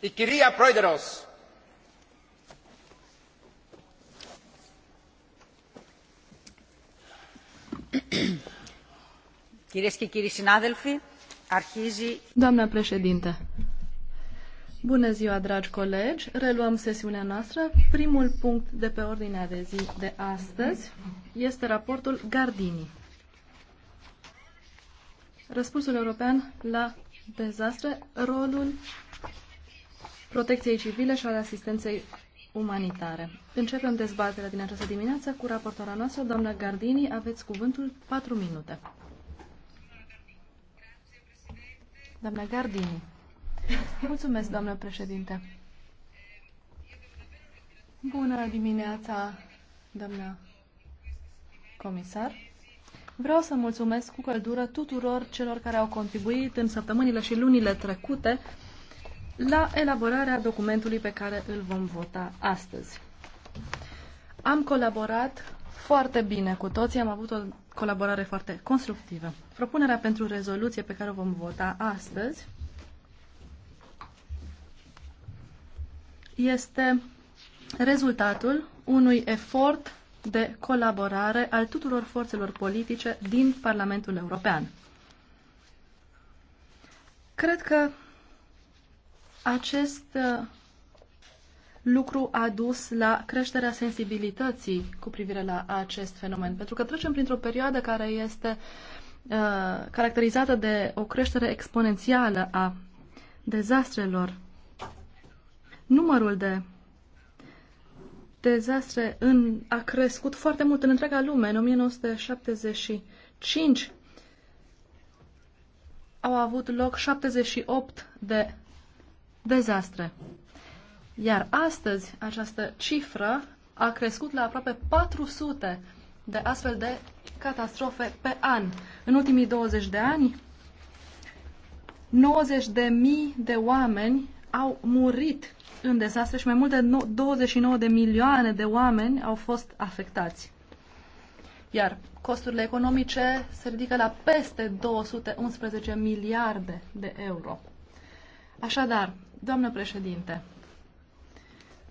Η κυρία Πρόεδρος. Doamna bună ziua, dragi colegi, reluăm sesiunea noastră. Primul punct de pe ordinea de zi de astăzi este raportul Gardini. Răspunsul european la dezastre, rolul protecției civile și ale asistenței umanitare. Începem dezbaterea din această dimineață cu raportora noastră, doamna Gardini. Aveți cuvântul 4 minute. Doamna Gardini. Mulțumesc, doamnă președinte. Bună dimineața, doamna comisar. Vreau să mulțumesc cu căldură tuturor celor care au contribuit în săptămânile și lunile trecute la elaborarea documentului pe care îl vom vota astăzi. Am colaborat foarte bine cu toții, am avut o colaborare foarte constructivă. Propunerea pentru rezoluție pe care o vom vota astăzi este rezultatul unui efort de colaborare al tuturor forțelor politice din Parlamentul European. Cred că acest uh, lucru a dus la creșterea sensibilității cu privire la acest fenomen, pentru că trecem printr-o perioadă care este uh, caracterizată de o creștere exponențială a dezastrelor. Numărul de dezastre în, a crescut foarte mult în întreaga lume. În 1975 au avut loc 78 de dezastre. Iar astăzi această cifră a crescut la aproape 400 de astfel de catastrofe pe an. În ultimii 20 de ani, 90 de mii de oameni au murit în dezastre și mai mult de 29 de milioane de oameni au fost afectați. Iar costurile economice se ridică la peste 211 miliarde de euro. Așadar, Doamnă președinte,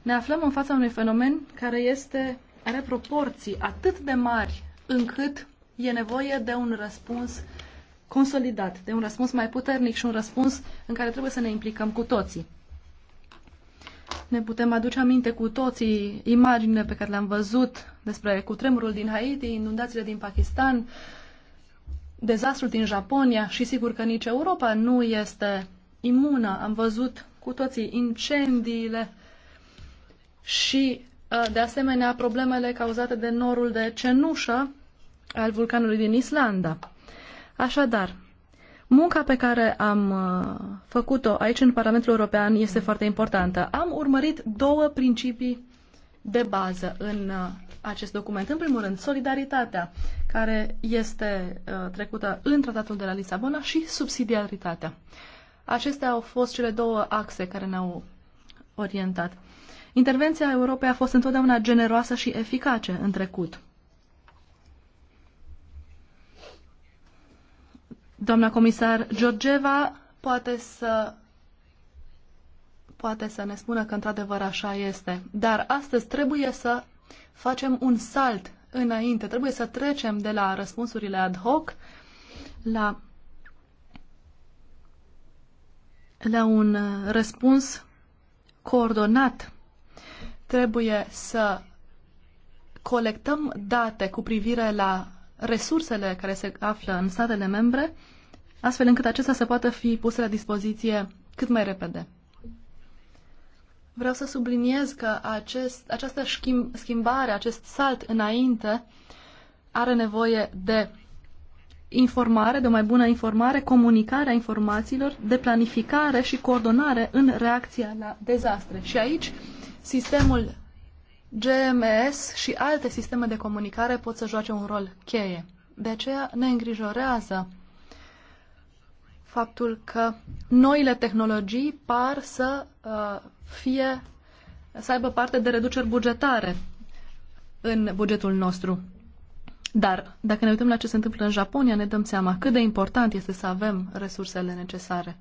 ne aflăm în fața unui fenomen care este, are proporții atât de mari încât e nevoie de un răspuns consolidat, de un răspuns mai puternic și un răspuns în care trebuie să ne implicăm cu toții. Ne putem aduce aminte cu toții imaginile pe care le-am văzut despre cutremurul din Haiti, inundațiile din Pakistan, dezastrul din Japonia și sigur că nici Europa nu este imună. Am văzut cu toții incendiile și, uh, de asemenea, problemele cauzate de norul de cenușă al vulcanului din Islanda. Așadar, munca pe care am uh, făcut-o aici în Parlamentul European este foarte importantă. Am urmărit două principii de bază în uh, acest document. În primul rând, solidaritatea, care este trecută în Tratatul de la Lisabona și subsidiaritatea. Acestea au fost cele două axe care ne-au orientat. Intervenția Europei a fost întotdeauna generoasă și eficace în trecut. Doamna comisar Georgeva poate să poate să ne spună că într-adevăr așa este. Dar astăzi trebuie să facem un salt înainte. Trebuie să trecem de la răspunsurile ad hoc la la un uh, răspuns coordonat. Trebuie să colectăm date cu privire la resursele care se află în statele membre, astfel încât acestea să poată fi puse la dispoziție cât mai repede. Vreau să subliniez că acest, această schimb, schimbare, acest salt înainte are nevoie de informare, de o mai bună informare, comunicarea informațiilor, de planificare și coordonare în reacția la dezastre. Și aici sistemul GMS și alte sisteme de comunicare pot să joace un rol cheie. De aceea ne îngrijorează faptul că noile tehnologii par să uh, fie să aibă parte de reduceri bugetare în bugetul nostru. Dar dacă ne uităm la ce se întâmplă în Japonia, ne dăm seama cât de important este să avem resursele necesare.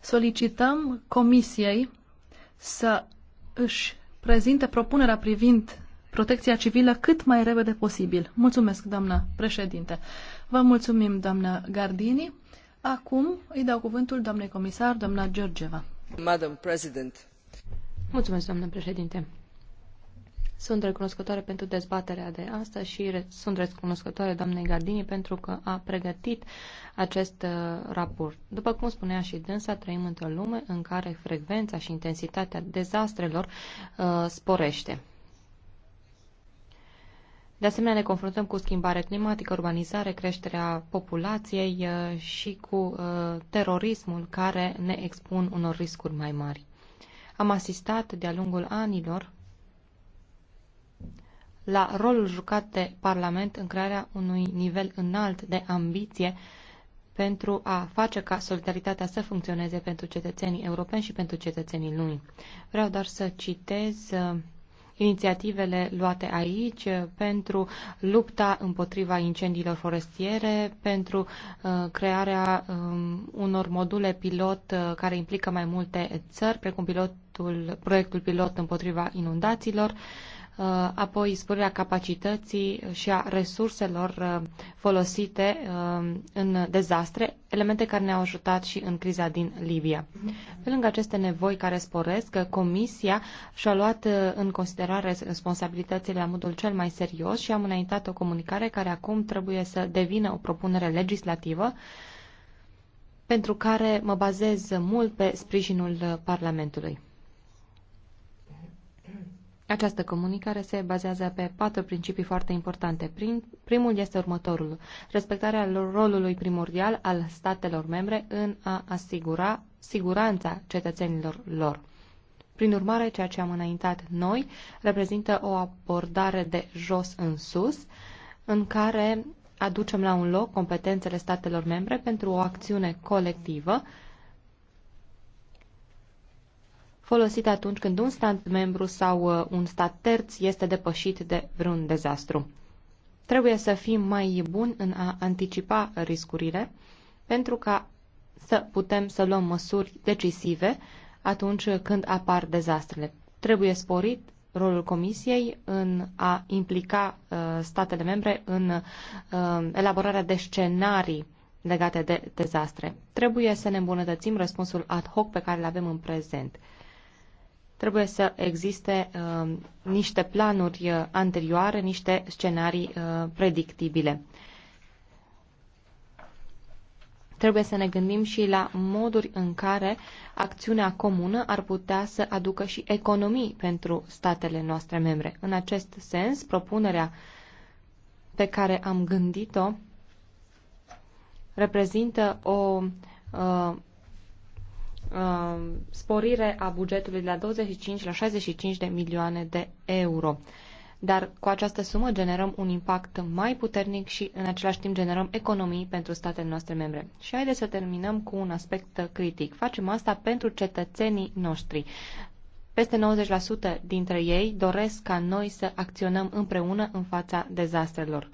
Solicităm Comisiei să își prezinte propunerea privind protecția civilă cât mai repede posibil. Mulțumesc, doamnă președinte. Vă mulțumim, doamnă Gardini. Acum îi dau cuvântul doamnei comisar, doamna Georgeva. Madam President. Mulțumesc, doamnă președinte. Sunt recunoscătoare pentru dezbaterea de astăzi și sunt recunoscătoare doamnei Gardini pentru că a pregătit acest uh, raport. După cum spunea și dânsa, trăim într-o lume în care frecvența și intensitatea dezastrelor uh, sporește. De asemenea, ne confruntăm cu schimbare climatică, urbanizare, creșterea populației uh, și cu uh, terorismul care ne expun unor riscuri mai mari. Am asistat de-a lungul anilor la rolul jucat de Parlament în crearea unui nivel înalt de ambiție pentru a face ca solidaritatea să funcționeze pentru cetățenii europeni și pentru cetățenii lumii. Vreau doar să citez uh, inițiativele luate aici uh, pentru lupta împotriva incendiilor forestiere, pentru uh, crearea um, unor module pilot care implică mai multe țări, precum pilotul, proiectul pilot împotriva inundațiilor, uh, Uh, apoi sporirea capacității și a resurselor uh, folosite uh, în dezastre, elemente care ne-au ajutat și în criza din Libia. Pe lângă aceste nevoi care sporesc, Comisia și-a luat în considerare responsabilitățile la modul cel mai serios și am înaintat o comunicare care acum trebuie să devină o propunere legislativă pentru care mă bazez mult pe sprijinul Parlamentului. Această comunicare se bazează pe patru principii foarte importante. Prim, primul este următorul. Respectarea rolului primordial al statelor membre în a asigura siguranța cetățenilor lor. Prin urmare, ceea ce am înaintat noi reprezintă o abordare de jos în sus, în care aducem la un loc competențele statelor membre pentru o acțiune colectivă folosite atunci când un stat membru sau uh, un stat terț este depășit de vreun dezastru. Trebuie să fim mai buni în a anticipa riscurile pentru ca să putem să luăm măsuri decisive atunci când apar dezastrele. Trebuie sporit rolul Comisiei în a implica uh, statele membre în uh, elaborarea de scenarii legate de dezastre. Trebuie să ne îmbunătățim răspunsul ad hoc pe care îl avem în prezent. Trebuie să existe uh, niște planuri uh, anterioare, niște scenarii uh, predictibile. Trebuie să ne gândim și la moduri în care acțiunea comună ar putea să aducă și economii pentru statele noastre membre. În acest sens, propunerea pe care am gândit-o reprezintă o uh, Um, sporire a bugetului de la 25 la 65 de milioane de euro. Dar cu această sumă generăm un impact mai puternic și în același timp generăm economii pentru statele noastre membre. Și haideți să terminăm cu un aspect critic. Facem asta pentru cetățenii noștri. Peste 90% dintre ei doresc ca noi să acționăm împreună în fața dezastrelor.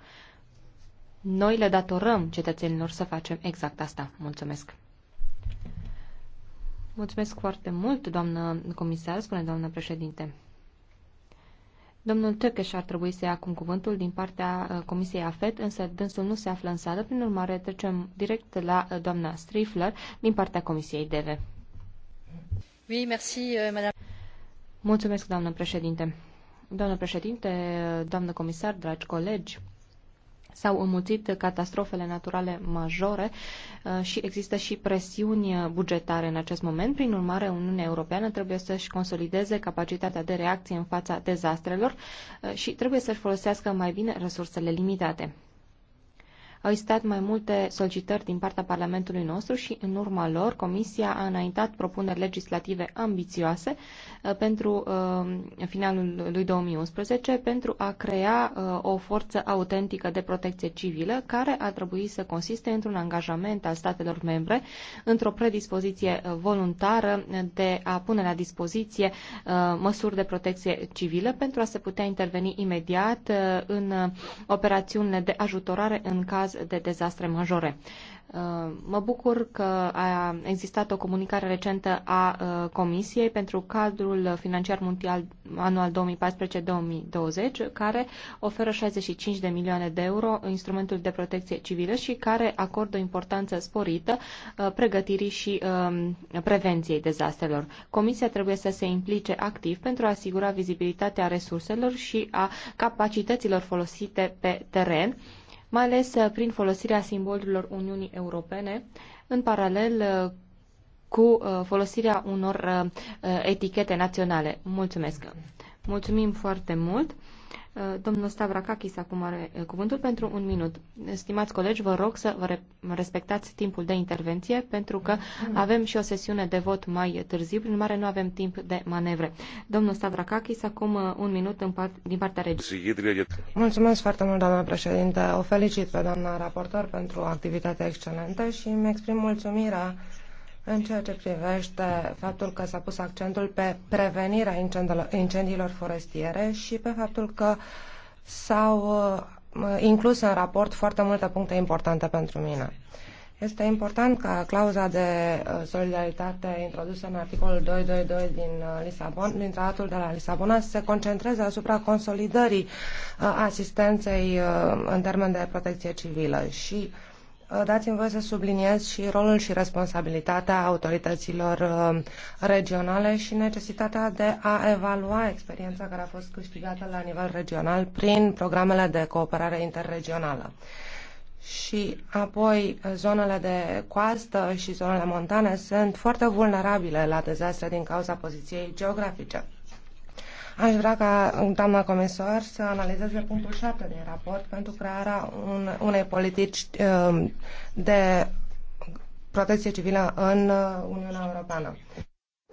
Noi le datorăm cetățenilor să facem exact asta. Mulțumesc! Mulțumesc foarte mult, doamnă comisar, spune doamnă președinte. Domnul Tăcăș ar trebui să ia acum cuvântul din partea uh, Comisiei AFET, însă dânsul nu se află în sală, prin urmare trecem direct la uh, doamna Strifler din partea Comisiei DEVE. Oui, merci, euh, madame. Mulțumesc, doamnă președinte. Doamnă președinte, uh, doamnă comisar, dragi colegi, s-au înmulțit catastrofele naturale majore uh, și există și presiuni bugetare în acest moment. Prin urmare, Uniunea Europeană trebuie să-și consolideze capacitatea de reacție în fața dezastrelor uh, și trebuie să-și folosească mai bine resursele limitate. Au existat mai multe solicitări din partea Parlamentului nostru și, în urma lor, Comisia a înaintat propuneri legislative ambițioase uh, pentru uh, finalul lui 2011 pentru a crea uh, o forță autentică de protecție civilă care ar trebui să consiste într-un angajament al statelor membre, într-o predispoziție voluntară de a pune la dispoziție măsuri de protecție civilă pentru a se putea interveni imediat în operațiunile de ajutorare în caz caz de dezastre majore. Uh, mă bucur că a existat o comunicare recentă a uh, Comisiei pentru cadrul financiar mondial anual 2014-2020, care oferă 65 de milioane de euro instrumentul de protecție civilă și care acordă o importanță sporită uh, pregătirii și um, prevenției dezastrelor. Comisia trebuie să se implice activ pentru a asigura vizibilitatea resurselor și a capacităților folosite pe teren mai ales uh, prin folosirea simbolurilor Uniunii Europene, în paralel uh, cu uh, folosirea unor etichete naționale. Mulțumesc! Mulțumim foarte mult! Uh, domnul Stavrakakis acum are uh, cuvântul pentru un minut. Stimați colegi, vă rog să vă respectați timpul de intervenție pentru că avem și o sesiune de vot mai târziu, prin mare nu avem timp de manevre. Domnul Stavrakakis, acum uh, un minut în part, din partea regiei. Mulțumesc foarte mult, doamna președinte. O felicit pe doamna raportor pentru activitatea excelentă și îmi exprim mulțumirea în ceea ce privește faptul că s-a pus accentul pe prevenirea incendiilor forestiere și pe faptul că s-au uh, inclus în raport foarte multe puncte importante pentru mine. Este important ca clauza de uh, solidaritate introdusă în articolul 222 din uh, Lisabon, din tratatul de la Lisabona, să se concentreze asupra consolidării asistenței în termen de protecție civilă și uh, Uh, dați-mi voie să subliniez și rolul și responsabilitatea autorităților uh, regionale și necesitatea de a evalua experiența care a fost câștigată la nivel regional prin programele de cooperare interregională. Și apoi zonele de coastă și zonele montane sunt foarte vulnerabile la dezastre din cauza poziției geografice. Aș vrea ca doamna comisar să analizeze punctul 7 din raport pentru crearea unei politici um, de protecție civilă în uh, Uniunea Europeană.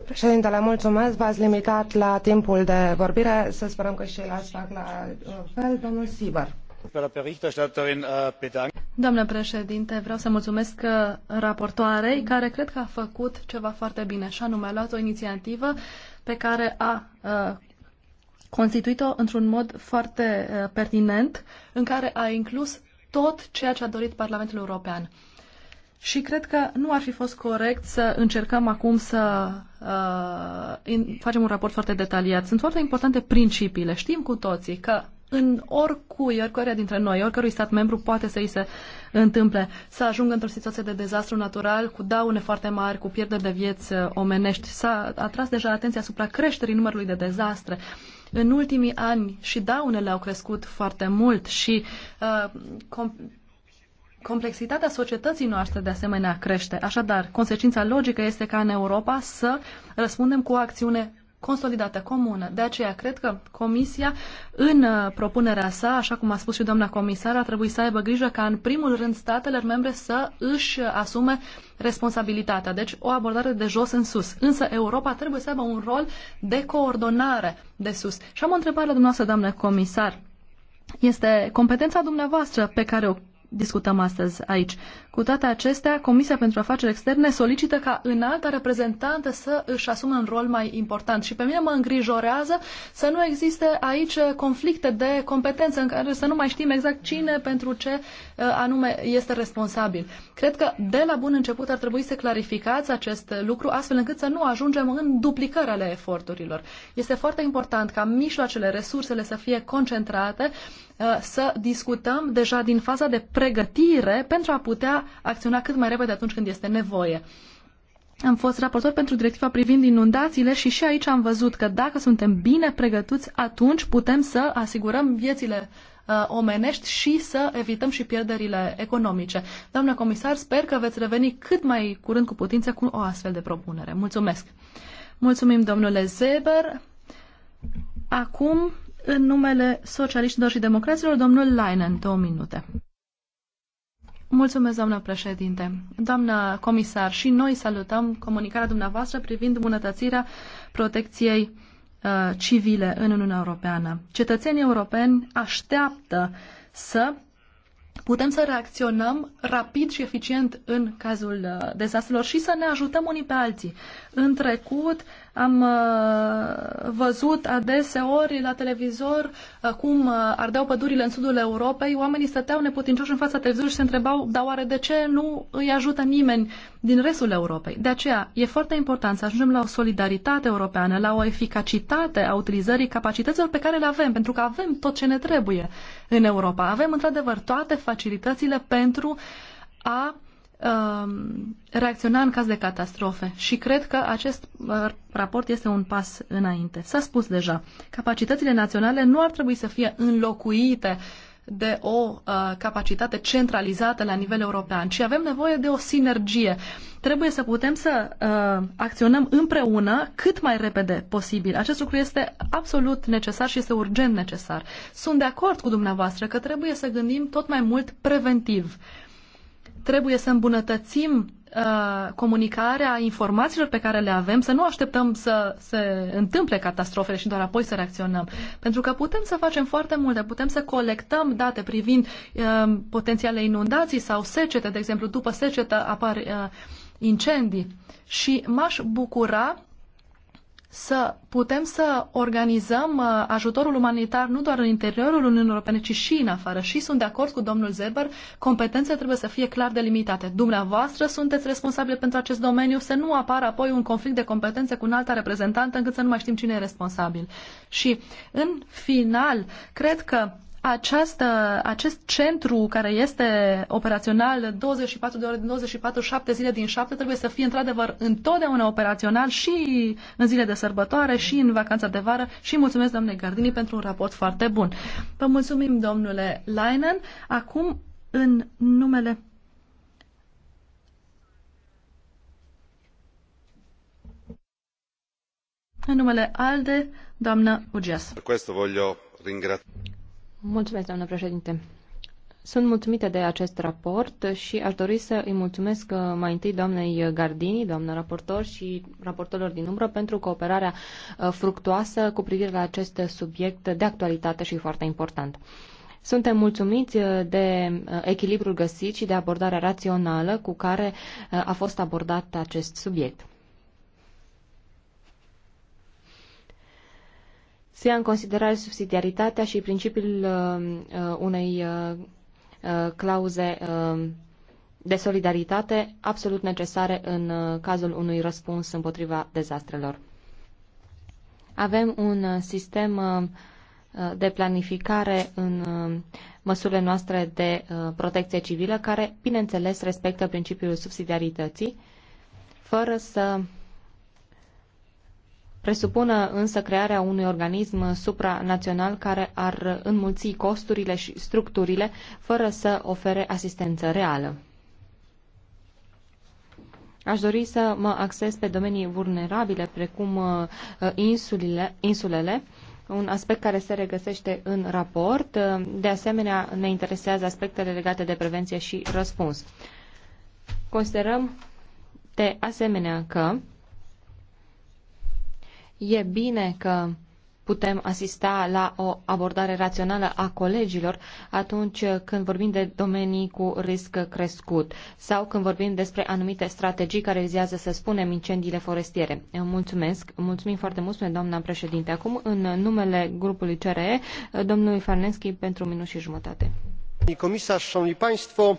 Președintele, mulțumesc. V-ați limitat la timpul de vorbire. Să sperăm că și el ați fac la uh, fel. Domnul sibar. Doamnă președinte, vreau să mulțumesc uh, raportoarei, care cred că a făcut ceva foarte bine, și anume a luat o inițiativă pe care a, a constituit-o într-un mod foarte uh, pertinent, în care a inclus tot ceea ce a dorit Parlamentul European. Și cred că nu ar fi fost corect să încercăm acum să uh, in, facem un raport foarte detaliat. Sunt foarte importante principiile. Știm cu toții că în oricui, oricare dintre noi, oricărui stat membru poate să îi se întâmple să ajungă într-o situație de dezastru natural cu daune foarte mari, cu pierderi de vieți uh, omenești. S-a atras deja atenția asupra creșterii numărului de dezastre. Uh, în ultimii ani și daunele au crescut foarte mult și uh, com- complexitatea societății noastre de asemenea crește. Așadar, consecința logică este ca în Europa să răspundem cu o acțiune consolidată, comună. De aceea cred că Comisia, în uh, propunerea sa, așa cum a spus și doamna comisar, ar trebui să aibă grijă ca, în primul rând, statele membre să își uh, asume responsabilitatea. Deci o abordare de jos în sus. Însă Europa trebuie să aibă un rol de coordonare de sus. Și am o întrebare la dumneavoastră, doamnă comisar. Este competența dumneavoastră pe care o discutăm astăzi aici. Cu toate acestea, Comisia pentru Afaceri Externe solicită ca înalta reprezentantă să își asume un rol mai important și pe mine mă îngrijorează să nu existe aici conflicte de competență în care să nu mai știm exact cine pentru ce uh, anume este responsabil. Cred că de la bun început ar trebui să clarificați acest lucru astfel încât să nu ajungem în duplicări ale eforturilor. Este foarte important ca mijloacele, resursele să fie concentrate, uh, să discutăm deja din faza de pre pregătire pentru a putea acționa cât mai repede atunci când este nevoie. Am fost raportor pentru directiva privind inundațiile și și aici am văzut că dacă suntem bine pregătiți, atunci putem să asigurăm viețile uh, omenești și să evităm și pierderile economice. Doamna comisar, sper că veți reveni cât mai curând cu putință cu o astfel de propunere. Mulțumesc! Mulțumim, domnule Zeber. Acum, în numele socialiștilor și democraților, domnul Leinen, două minute. Mulțumesc, doamnă președinte. Doamnă comisar, și noi salutăm comunicarea dumneavoastră privind îmbunătățirea protecției uh, civile în Uniunea Europeană. Cetățenii europeni așteaptă să putem să reacționăm rapid și eficient în cazul uh, dezastrelor și să ne ajutăm unii pe alții. În trecut, am uh, văzut adeseori la televizor uh, cum uh, ardeau pădurile în sudul Europei. Oamenii stăteau neputincioși în fața televizorului și se întrebau, dar oare de ce nu îi ajută nimeni din restul Europei? De aceea e foarte important să ajungem la o solidaritate europeană, la o eficacitate a utilizării capacităților pe care le avem, pentru că avem tot ce ne trebuie în Europa. Avem într-adevăr toate facilitățile pentru a Um, reacționa în caz de catastrofe și cred că acest uh, raport este un pas înainte. S-a spus deja, capacitățile naționale nu ar trebui să fie înlocuite de o uh, capacitate centralizată la nivel european, ci avem nevoie de o sinergie. Trebuie să putem să uh, acționăm împreună cât mai repede posibil. Acest lucru este absolut necesar și este urgent necesar. Sunt de acord cu dumneavoastră că trebuie să gândim tot mai mult preventiv. Uh, trebuie să îmbunătățim uh, comunicarea informațiilor pe care le avem, să nu așteptăm să se întâmple catastrofele și doar apoi să reacționăm. Pentru că putem să facem foarte multe, putem să colectăm date privind uh, potențiale inundații sau secete, de exemplu, după secetă apar uh, incendii. Și m-aș bucura să putem să organizăm uh, ajutorul umanitar nu doar în interiorul Uniunii Europene, ci și în afară. Și sunt de acord cu domnul Zerber, competențele trebuie să fie clar delimitate. Dumneavoastră sunteți responsabili pentru acest domeniu, să nu apară apoi un conflict de competențe cu un alta reprezentantă încât să nu mai știm cine e responsabil. Și în final, cred că această, acest centru care este operațional 24 de ore din 24, 7 zile din 7 trebuie să fie într-adevăr întotdeauna operațional și în zile de sărbătoare și în vacanța de vară și mulțumesc doamne Gardini pentru un raport foarte bun. Vă mulțumim domnule Leinen. Acum în numele în numele ALDE, doamnă Ugias. Per questo voglio ringraziare Mulțumesc, doamnă președinte. Sunt mulțumită de acest raport și aș dori să îi mulțumesc uh, mai întâi doamnei Gardini, doamnă raportor și raportorilor din umbră pentru cooperarea uh, fructoasă cu privire la acest subiect de actualitate și foarte important. Suntem mulțumiți uh, de echilibrul găsit și de abordarea rațională cu care a fost abordat acest subiect. se ia în considerare subsidiaritatea și principiul uh, uh, unei uh, clauze de solidaritate absolut necesare în cazul unui răspuns împotriva dezastrelor. Avem un sistem de planificare în măsurile noastre de protecție civilă care, bineînțeles, respectă principiul subsidiarității, fără să presupună însă crearea unui organism supranațional care ar înmulți costurile și structurile fără să ofere asistență reală. Aș dori să mă acces pe domenii vulnerabile, precum uh, insulile, insulele, un aspect care se regăsește în raport. Uh, de asemenea, ne interesează aspectele legate de prevenție și răspuns. Considerăm de asemenea că E bine că putem asista la o abordare rațională a colegilor atunci când vorbim de domenii cu risc crescut sau când vorbim despre anumite strategii care vizează, să spunem, incendiile forestiere. Eu mulțumesc, mulțumim foarte mult, spune doamna președinte. Acum, în numele grupului CRE, domnului Farnenski pentru minut și jumătate. Comisar, Szanowni Państwo,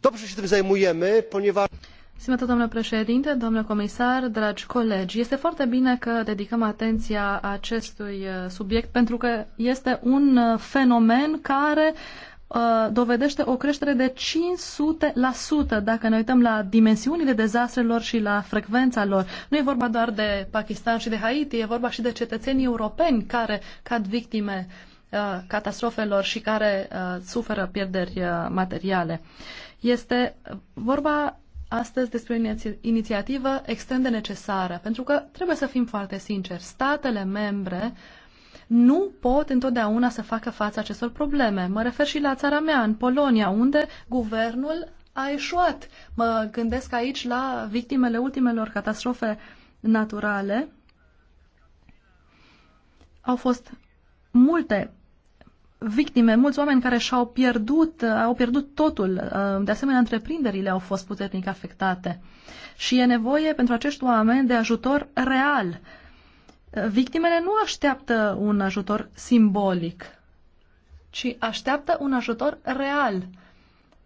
dobrze się tym zajmujemy, ponieważ... Stimată doamnă președinte, domnule comisar, dragi colegi, este foarte bine că dedicăm atenția acestui uh, subiect pentru că este un uh, fenomen care uh, dovedește o creștere de 500% dacă ne uităm la dimensiunile dezastrelor și la frecvența lor. Nu e vorba doar de Pakistan și de Haiti, e vorba și de cetățenii europeni care cad victime uh, catastrofelor și care uh, suferă pierderi uh, materiale. Este vorba astăzi despre inițiativă extrem de necesară, pentru că trebuie să fim foarte sinceri, statele membre nu pot întotdeauna să facă față acestor probleme. Mă refer și la țara mea, în Polonia, unde guvernul a eșuat. Mă gândesc aici la victimele ultimelor catastrofe naturale. Au fost multe victime, mulți oameni care și-au pierdut, uh, au pierdut totul. Uh, de asemenea, întreprinderile au fost puternic afectate. Și e nevoie pentru acești oameni de ajutor real. Uh, victimele nu așteaptă un ajutor simbolic, ci așteaptă un ajutor real.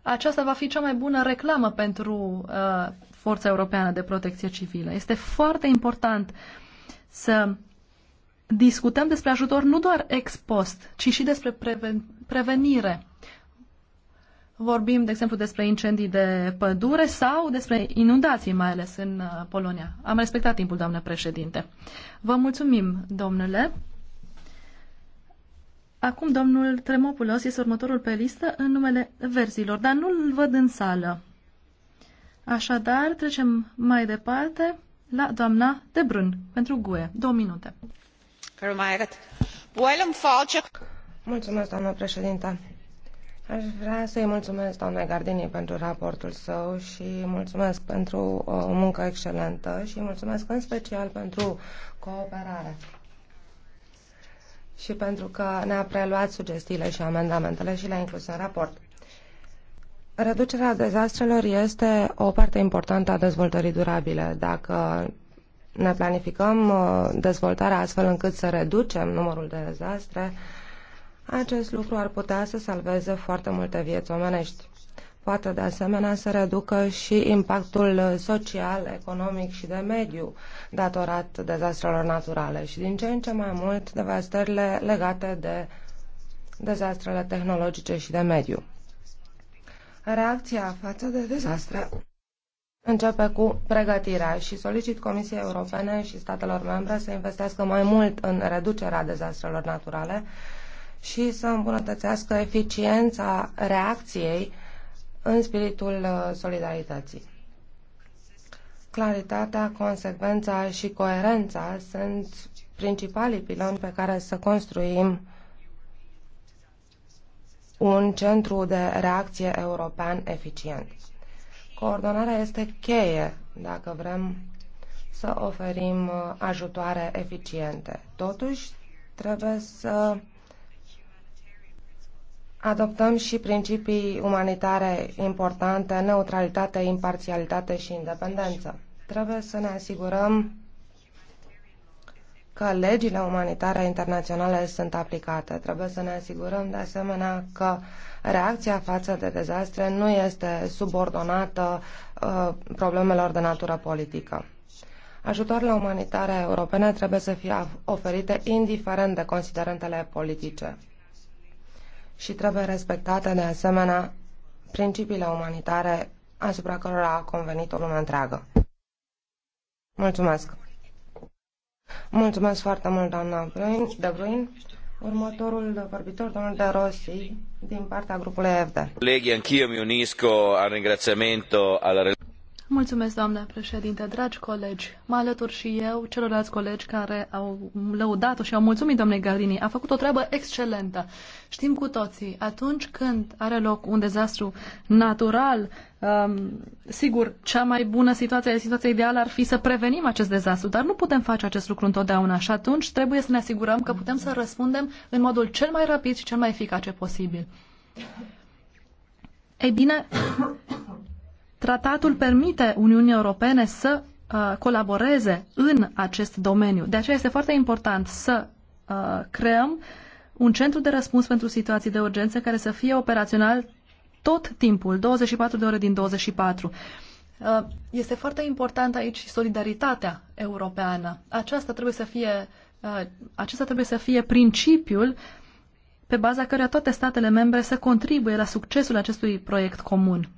Aceasta va fi cea mai bună reclamă pentru Forța Europeană de Protecție Civilă. Este foarte important să discutăm despre ajutor nu doar ex post, ci și despre preven prevenire. Vorbim, de exemplu, despre incendii de pădure sau despre inundații, mai ales în uh, Polonia. Am respectat timpul, doamnă președinte. Vă mulțumim, domnule. Acum domnul Tremopulos este următorul pe listă în numele verzilor, dar nu-l văd în sală. Așadar, trecem mai departe la doamna Debrun pentru GUE. Două minute. Mulțumesc, președinte. Aș vrea să-i mulțumesc doamnei Gardini pentru raportul său și mulțumesc pentru uh, o muncă excelentă și mulțumesc în special pentru cooperare și pentru că ne-a preluat sugestiile și amendamentele și le-a inclus în raport. Reducerea dezastrelor este o parte importantă a dezvoltării durabile. Dacă ne planificăm uh, dezvoltarea astfel încât să reducem numărul de dezastre, acest lucru ar putea să salveze foarte multe vieți omenești. Poate de asemenea să reducă și impactul social, economic și de mediu datorat dezastrelor naturale și din ce în ce mai mult devastările legate de dezastrele tehnologice și de mediu. Reacția față de dezastre începe cu pregătirea și solicit Comisiei Europene și statelor membre să investească mai mult în reducerea dezastrelor naturale și să îmbunătățească eficiența reacției în spiritul uh, solidarității. Claritatea, consecvența și coerența sunt principalii piloni pe care să construim un centru de reacție european eficient. Coordonarea este cheie dacă vrem să oferim uh, ajutoare eficiente. Totuși, trebuie să adoptăm și principii umanitare importante, neutralitate, imparțialitate și independență. Trebuie să ne asigurăm că legile umanitare internaționale sunt aplicate. Trebuie să ne asigurăm de asemenea că reacția față de dezastre nu este subordonată uh, problemelor de natură politică. Ajutoarele umanitare europene trebuie să fie oferite indiferent de considerentele politice și trebuie respectate de asemenea principiile umanitare asupra cărora a convenit o lume întreagă. Mulțumesc! Mulțumesc foarte mult, doamna De Bruin. Următorul vorbitor, domnul De Rossi, din partea grupului EFD. Colegii, anch'io mi unisco al ringraziamento alla Mulțumesc, doamnă președinte, dragi colegi. Mă alătur și eu celorlalți colegi care au lăudat-o și au mulțumit domnului Galini, A făcut o treabă excelentă. Știm cu toții, atunci când are loc un dezastru natural, um, sigur, cea mai bună situație, situația ideală ar fi să prevenim acest dezastru, dar nu putem face acest lucru întotdeauna și atunci trebuie să ne asigurăm că putem să răspundem în modul cel mai rapid și cel mai eficace posibil. Ei bine, Tratatul permite Uniunii Europene să uh, colaboreze în acest domeniu. De aceea este foarte important să uh, creăm un centru de răspuns pentru situații de urgență care să fie operațional tot timpul, 24 de ore din 24. Uh, este foarte important aici solidaritatea europeană. Aceasta trebuie să fie, acesta trebuie să fie principiul pe baza căruia toate statele membre să contribuie la succesul acestui proiect comun.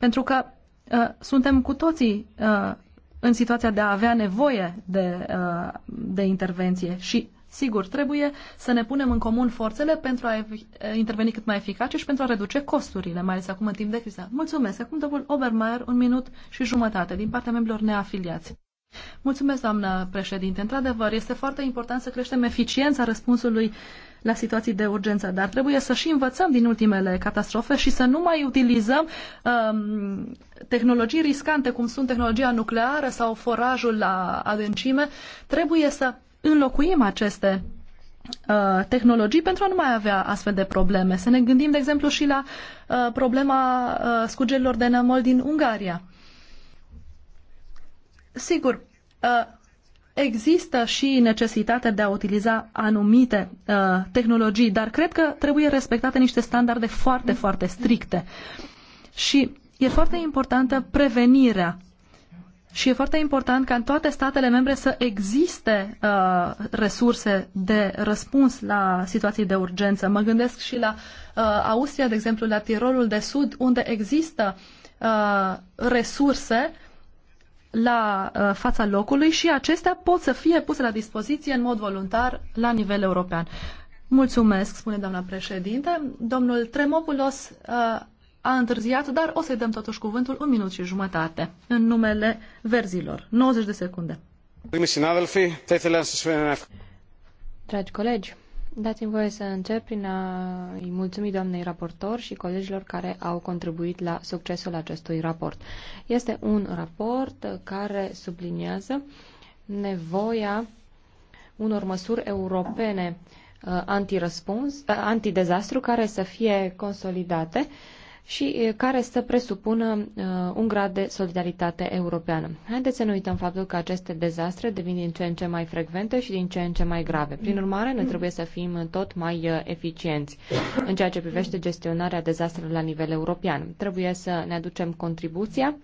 Pentru că uh, suntem cu toții uh, în situația de a avea nevoie de, uh, de intervenție și Sigur, trebuie să ne punem în comun forțele pentru a uh, interveni cât mai eficace și pentru a reduce costurile, mai ales acum în timp de criză. Mulțumesc. Acum, domnul Obermeier, un minut și jumătate din partea membrilor neafiliați. Mulțumesc, doamnă președinte. Într-adevăr, este foarte important să creștem eficiența răspunsului la situații de urgență, dar trebuie să și învățăm din ultimele catastrofe și să nu mai utilizăm um, tehnologii riscante, cum sunt tehnologia nucleară sau forajul la adâncime. Trebuie să înlocuim aceste uh, tehnologii pentru a nu mai avea astfel de probleme. Să ne gândim, de exemplu, și la uh, problema uh, scugerilor de nămol din Ungaria Sigur, uh, există și necesitatea de a utiliza anumite uh, tehnologii, dar cred că trebuie respectate niște standarde foarte, foarte stricte. Și e foarte importantă prevenirea și e foarte important ca în toate statele membre să existe uh, resurse de răspuns la situații de urgență. Mă gândesc și la uh, Austria, de exemplu, la Tirolul de Sud, unde există uh, resurse uh, la uh, fața locului și acestea pot să fie puse la dispoziție în mod voluntar la nivel european. Mulțumesc, spune doamna președinte. Domnul Tremopulos uh, a întârziat, dar o să-i dăm totuși cuvântul un minut și jumătate în numele verzilor. 90 de secunde. Dragi colegi, Dați-mi voie să încep prin a-i mulțumi doamnei raportor și colegilor care au contribuit la succesul acestui raport. Este un raport care subliniază nevoia unor măsuri europene uh, antirăspuns, uh, antidezastru care să fie consolidate uh, și care să presupună un grad de solidaritate europeană. Haideți să nu uităm faptul că aceste dezastre devin din ce în ce mai frecvente și din ce în ce mai grave. Prin urmare, noi trebuie să fim tot mai eficienți în ceea ce privește gestionarea dezastrelor la nivel european. Trebuie să ne aducem contribuția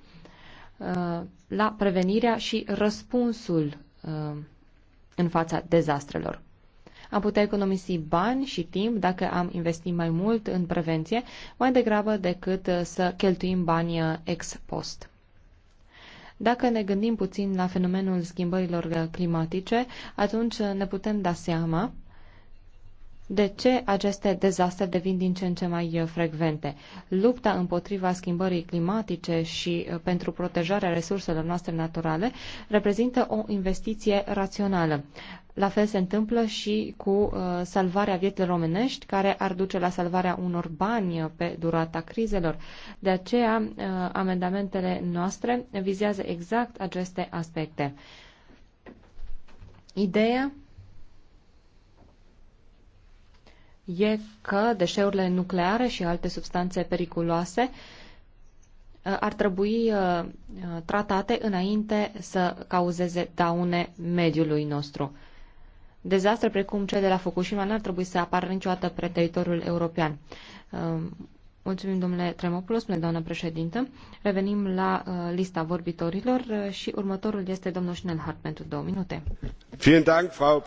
la prevenirea și răspunsul în fața dezastrelor. Am putea economisi bani și timp dacă am investi mai mult în prevenție, mai degrabă decât uh, să cheltuim bani uh, ex post. Dacă ne gândim puțin la fenomenul schimbărilor uh, climatice, atunci ne putem da seama de ce aceste dezastre devin din ce în ce mai uh, frecvente. Lupta împotriva schimbării climatice și uh, pentru protejarea resurselor noastre naturale reprezintă o investiție rațională. La fel se întâmplă și cu uh, salvarea vieților românești, care ar duce la salvarea unor bani pe durata crizelor. De aceea, amendamentele noastre vizează exact aceste aspecte. Ideea e că deșeurile nucleare și alte substanțe periculoase uh, ar trebui uh, uh, tratate înainte să cauzeze daune mediului nostru. Dezastre precum cele de la Fukushima n-ar trebui să apară niciodată pe teritoriul european. Mulțumim, domnule Tremopoulos, domnule doamnă președintă. Revenim la uh, lista vorbitorilor uh, și următorul este domnul Schnellhardt pentru două minute. Vielen Dank, Frau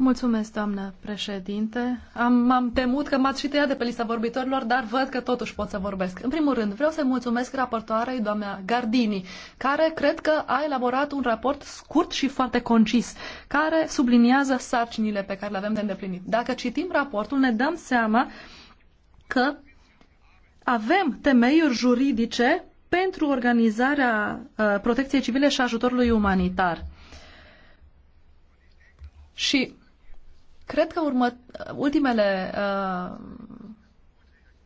Mulțumesc, doamnă președinte. Am, am temut că m-ați și tăiat de pe lista vorbitorilor, dar văd că totuși pot să vorbesc. În primul rând, vreau să mulțumesc raportoarei doamna Gardini, care cred că a elaborat un raport scurt și foarte concis, care subliniază sarcinile pe care le avem de îndeplinit. Dacă citim raportul, ne dăm seama că avem temeiuri juridice pentru organizarea uh, protecției civile și ajutorului umanitar. Și Cred că urmă, ultimele uh,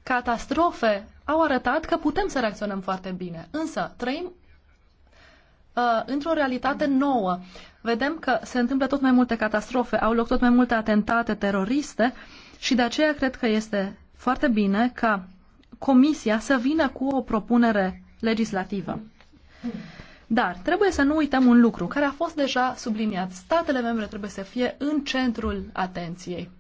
catastrofe au arătat că putem să reacționăm foarte bine. Însă, trăim uh, într-o realitate nouă. Vedem că se întâmplă tot mai multe catastrofe, au loc tot mai multe atentate teroriste și de aceea cred că este foarte bine ca Comisia să vină cu o propunere legislativă. Dar trebuie să nu uităm un lucru care a fost deja subliniat. Statele membre trebuie să fie în centrul atenției.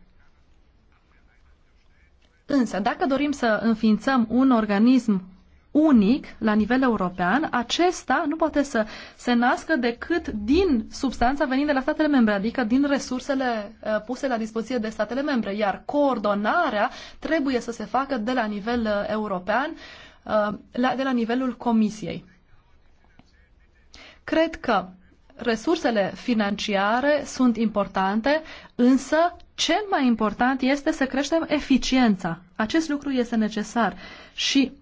Însă, dacă dorim să înființăm un organism unic la nivel european, acesta nu poate să se nască decât din substanța venind de la statele membre, adică din resursele uh, puse la dispoziție de statele membre, iar coordonarea trebuie să se facă de la nivel uh, european, uh, la de la nivelul Comisiei. Cred că resursele financiare sunt importante, însă cel mai important este să creștem eficiența. Acest lucru este necesar și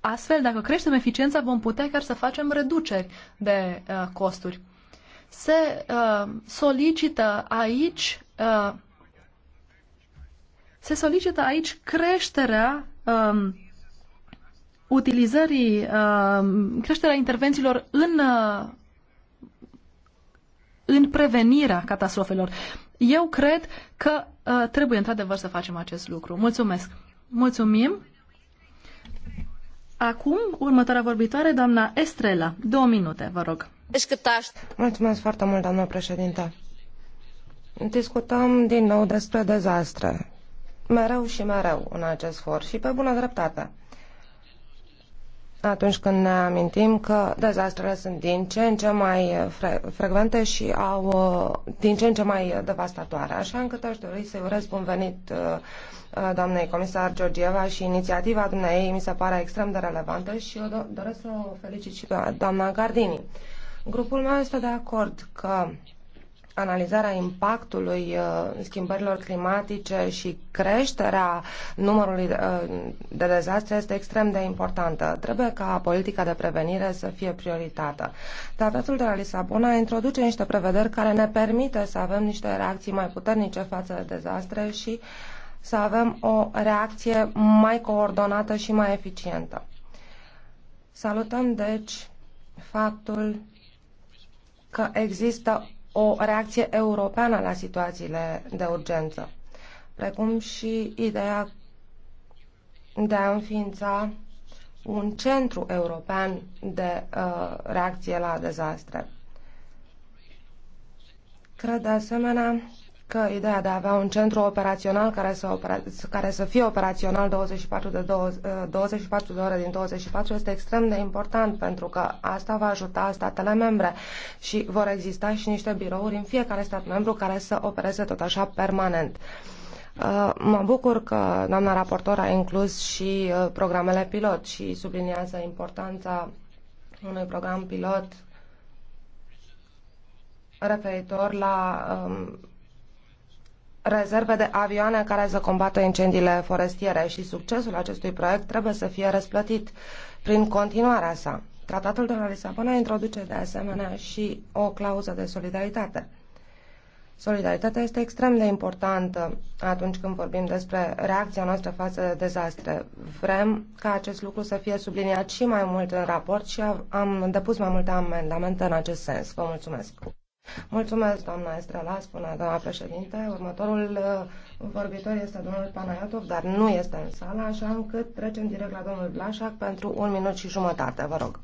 astfel, dacă creștem eficiența, vom putea chiar să facem reduceri de uh, costuri. Se uh, solicită aici uh, se solicită aici creșterea um, utilizării, uh, creșterea intervențiilor în, uh, în prevenirea catastrofelor. Eu cred că uh, trebuie într-adevăr să facem acest lucru. Mulțumesc! Mulțumim! Acum, următoarea vorbitoare, doamna Estrela. Două minute, vă rog. Mulțumesc foarte mult, doamna președinte. Discutăm din nou despre dezastre. Mereu și mereu în acest for și pe bună dreptate atunci când ne amintim că dezastrele sunt din ce în ce mai fre- frecvente și au uh, din ce în ce mai devastatoare. Așa încât aș dori să-i urez bun venit uh, uh, doamnei comisar Georgieva și inițiativa dumneei mi se pare extrem de relevantă și eu doresc să o felicit și doamna Gardini. Grupul meu este de acord că analizarea impactului uh, schimbărilor climatice și creșterea numărului uh, de dezastre este extrem de importantă. Trebuie ca politica de prevenire să fie prioritată. Tratatul de la Lisabona introduce niște prevederi care ne permite să avem niște reacții mai puternice față de dezastre și să avem o reacție mai coordonată și mai eficientă. Salutăm, deci, faptul că există o reacție europeană la situațiile de urgență, precum și ideea de a înființa un centru european de uh, reacție la dezastre. Cred de asemenea că ideea de a avea un centru operațional care să, opera, care să fie operațional 24 de, 20, 24 ă, de ore din 24 este extrem de important pentru că asta va ajuta statele membre și vor exista și niște birouri în fiecare stat membru care să opereze tot așa permanent. Ă, mă bucur că doamna raportor a inclus și ă, programele pilot și subliniază importanța unui program pilot referitor la um, rezerve de avioane care să combată incendiile forestiere și succesul acestui proiect trebuie să fie răsplătit prin continuarea sa. Tratatul de la Lisabona introduce de asemenea și o clauză de solidaritate. Solidaritatea este extrem de importantă atunci când vorbim despre reacția noastră față de dezastre. Vrem ca acest lucru să fie subliniat și mai mult în raport și am depus mai multe amendamente în acest sens. Vă mulțumesc! Mulțumesc, doamna Estrela, spune doamna președinte. Următorul uh, vorbitor este domnul Panayotov, dar nu este în sală, așa încât trecem direct la domnul Blașac pentru un minut și jumătate. Vă rog.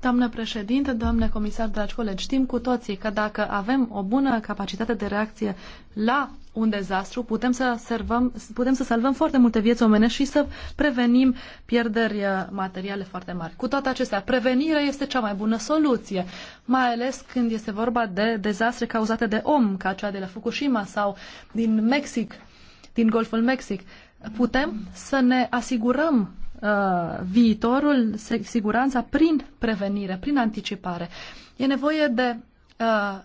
Doamnă președinte, doamnă comisar, dragi colegi, știm cu toții că dacă avem o bună capacitate de reacție la un dezastru, putem să, servăm, putem să salvăm foarte multe vieți omenești și să prevenim pierderi uh, materiale foarte mari. Cu toate acestea, prevenirea este cea mai bună soluție, mai ales când este vorba de dezastre cauzate de om, ca cea de la Fukushima sau din Mexic, din Golful Mexic. Putem să ne asigurăm uh, viitorul, siguranța prin prevenire, prin anticipare. E nevoie de uh,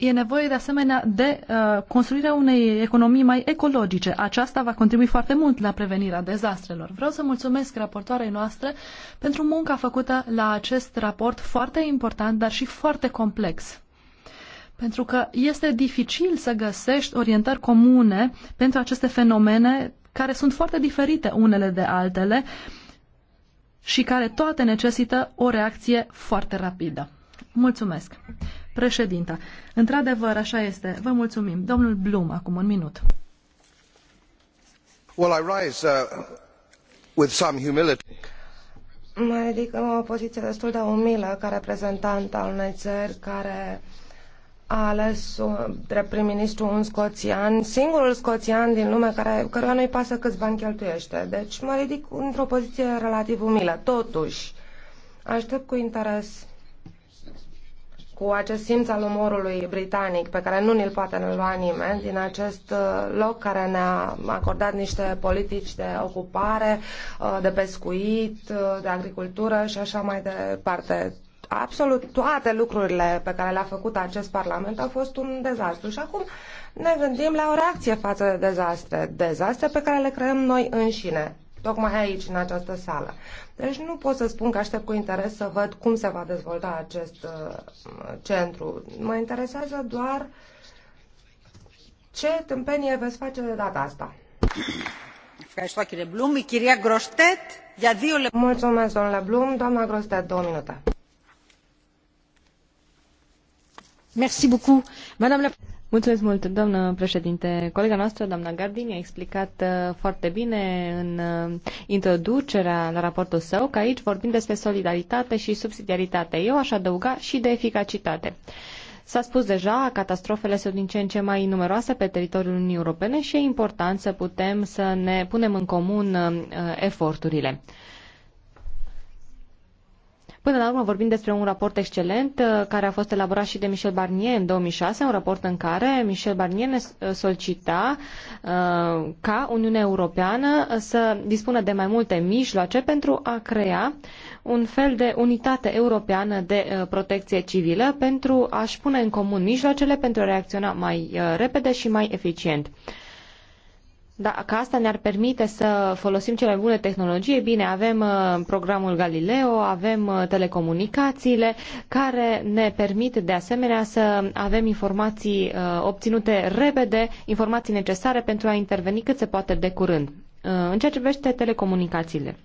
E nevoie de asemenea de uh, construirea unei economii mai ecologice. Aceasta va contribui foarte mult la prevenirea dezastrelor. Vreau să mulțumesc raportoarei noastre pentru munca făcută la acest raport foarte important, dar și foarte complex. Pentru că este dificil să găsești orientări comune pentru aceste fenomene care sunt foarte diferite unele de altele și care toate necesită o reacție foarte rapidă. Mulțumesc! Președinta, într-adevăr, așa este. Vă mulțumim. Domnul Blum, acum un minut. Well, I rise, uh, with some humility. Mă ridic în o poziție destul de umilă ca reprezentant al unei țări care a ales drept prim-ministru un scoțian, singurul scoțian din lume care, căruia nu-i pasă câți bani cheltuiește. Deci mă ridic într-o poziție relativ umilă. Totuși, aștept cu interes cu acest simț al umorului britanic pe care nu ne l poate lua nimeni din acest uh, loc care ne-a acordat niște politici de ocupare, uh, de pescuit, uh, de agricultură și așa mai departe. Absolut toate lucrurile pe care le-a făcut acest Parlament au fost un dezastru și acum ne gândim la o reacție față de dezastre, dezastre pe care le creăm noi înșine tocmai aici, în această sală. Deci nu pot să spun că aștept cu interes să văd cum se va dezvolta acest uh, centru. Mă interesează doar ce tâmpenie veți face de data asta. Mulțumesc, domnule Blum. Doamna Grostet, două minute. Merci beaucoup. Madame la... Mulțumesc mult, doamnă președinte. Colega noastră, doamna Gardini, a explicat uh, foarte bine în uh, introducerea la raportul său că aici vorbim despre solidaritate și subsidiaritate. Eu aș adăuga și de eficacitate. S-a spus deja, catastrofele sunt din ce în ce mai numeroase pe teritoriul Uniunii Europene și e important să putem să ne punem în comun uh, eforturile. Până la urmă vorbim despre un raport excelent uh, care a fost elaborat și de Michel Barnier în 2006, un raport în care Michel Barnier ne uh, solicita uh, ca Uniunea Europeană să dispună de mai multe mijloace pentru a crea un fel de unitate europeană de protecție civilă pentru a-și pune în comun mijloacele pentru a reacționa mai repede și mai eficient. Dacă asta ne-ar permite să folosim cele mai bune tehnologie, bine, avem uh, programul Galileo, avem uh, telecomunicațiile, care ne permit de asemenea să avem informații uh, obținute repede, informații necesare pentru a interveni cât se poate de curând. În ceea ce privește telecomunicațiile.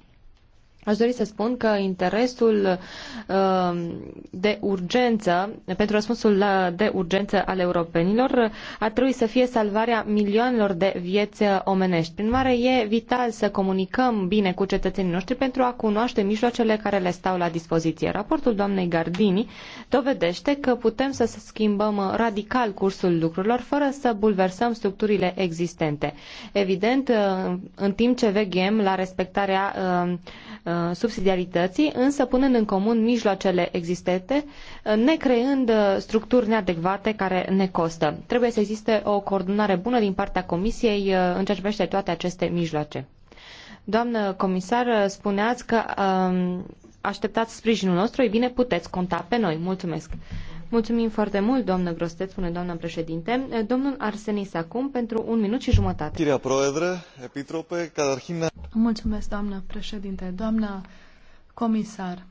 Aș dori să spun că interesul uh, de urgență, pentru răspunsul de urgență al europenilor, ar trebui să fie salvarea milioanelor de vieți uh, omenești. Prin mare, e vital să comunicăm bine cu cetățenii noștri pentru a cunoaște mijloacele care le stau la dispoziție. Raportul doamnei Gardini dovedește că putem să schimbăm uh, radical cursul lucrurilor fără să bulversăm structurile existente. Evident, în timp ce veghem la respectarea Uh, subsidiarității, însă punând în comun mijloacele existente, uh, necreând uh, structuri neadecvate care ne costă. Trebuie să existe o coordonare bună din partea Comisiei în ceea ce privește toate aceste mijloace. Doamnă comisar, spuneați că um, așteptați sprijinul nostru, ei bine, puteți conta pe noi. Mulțumesc. Mulțumim foarte mult, doamnă Grostet, spune doamna președinte. Domnul Arsenis acum pentru un minut și jumătate. cadarhina. Mulțumesc, doamnă președinte. Doamna comisar,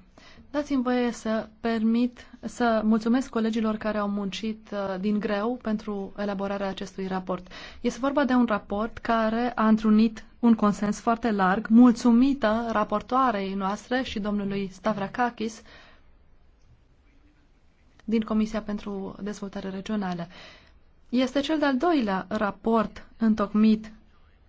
dați-mi voie să permit să mulțumesc colegilor care au muncit uh, din greu pentru elaborarea acestui raport. Este vorba de un raport care a întrunit un consens foarte larg, mulțumită raportoarei noastre și domnului Stavrakakis, din Comisia pentru Dezvoltare Regională. Este cel de-al doilea raport întocmit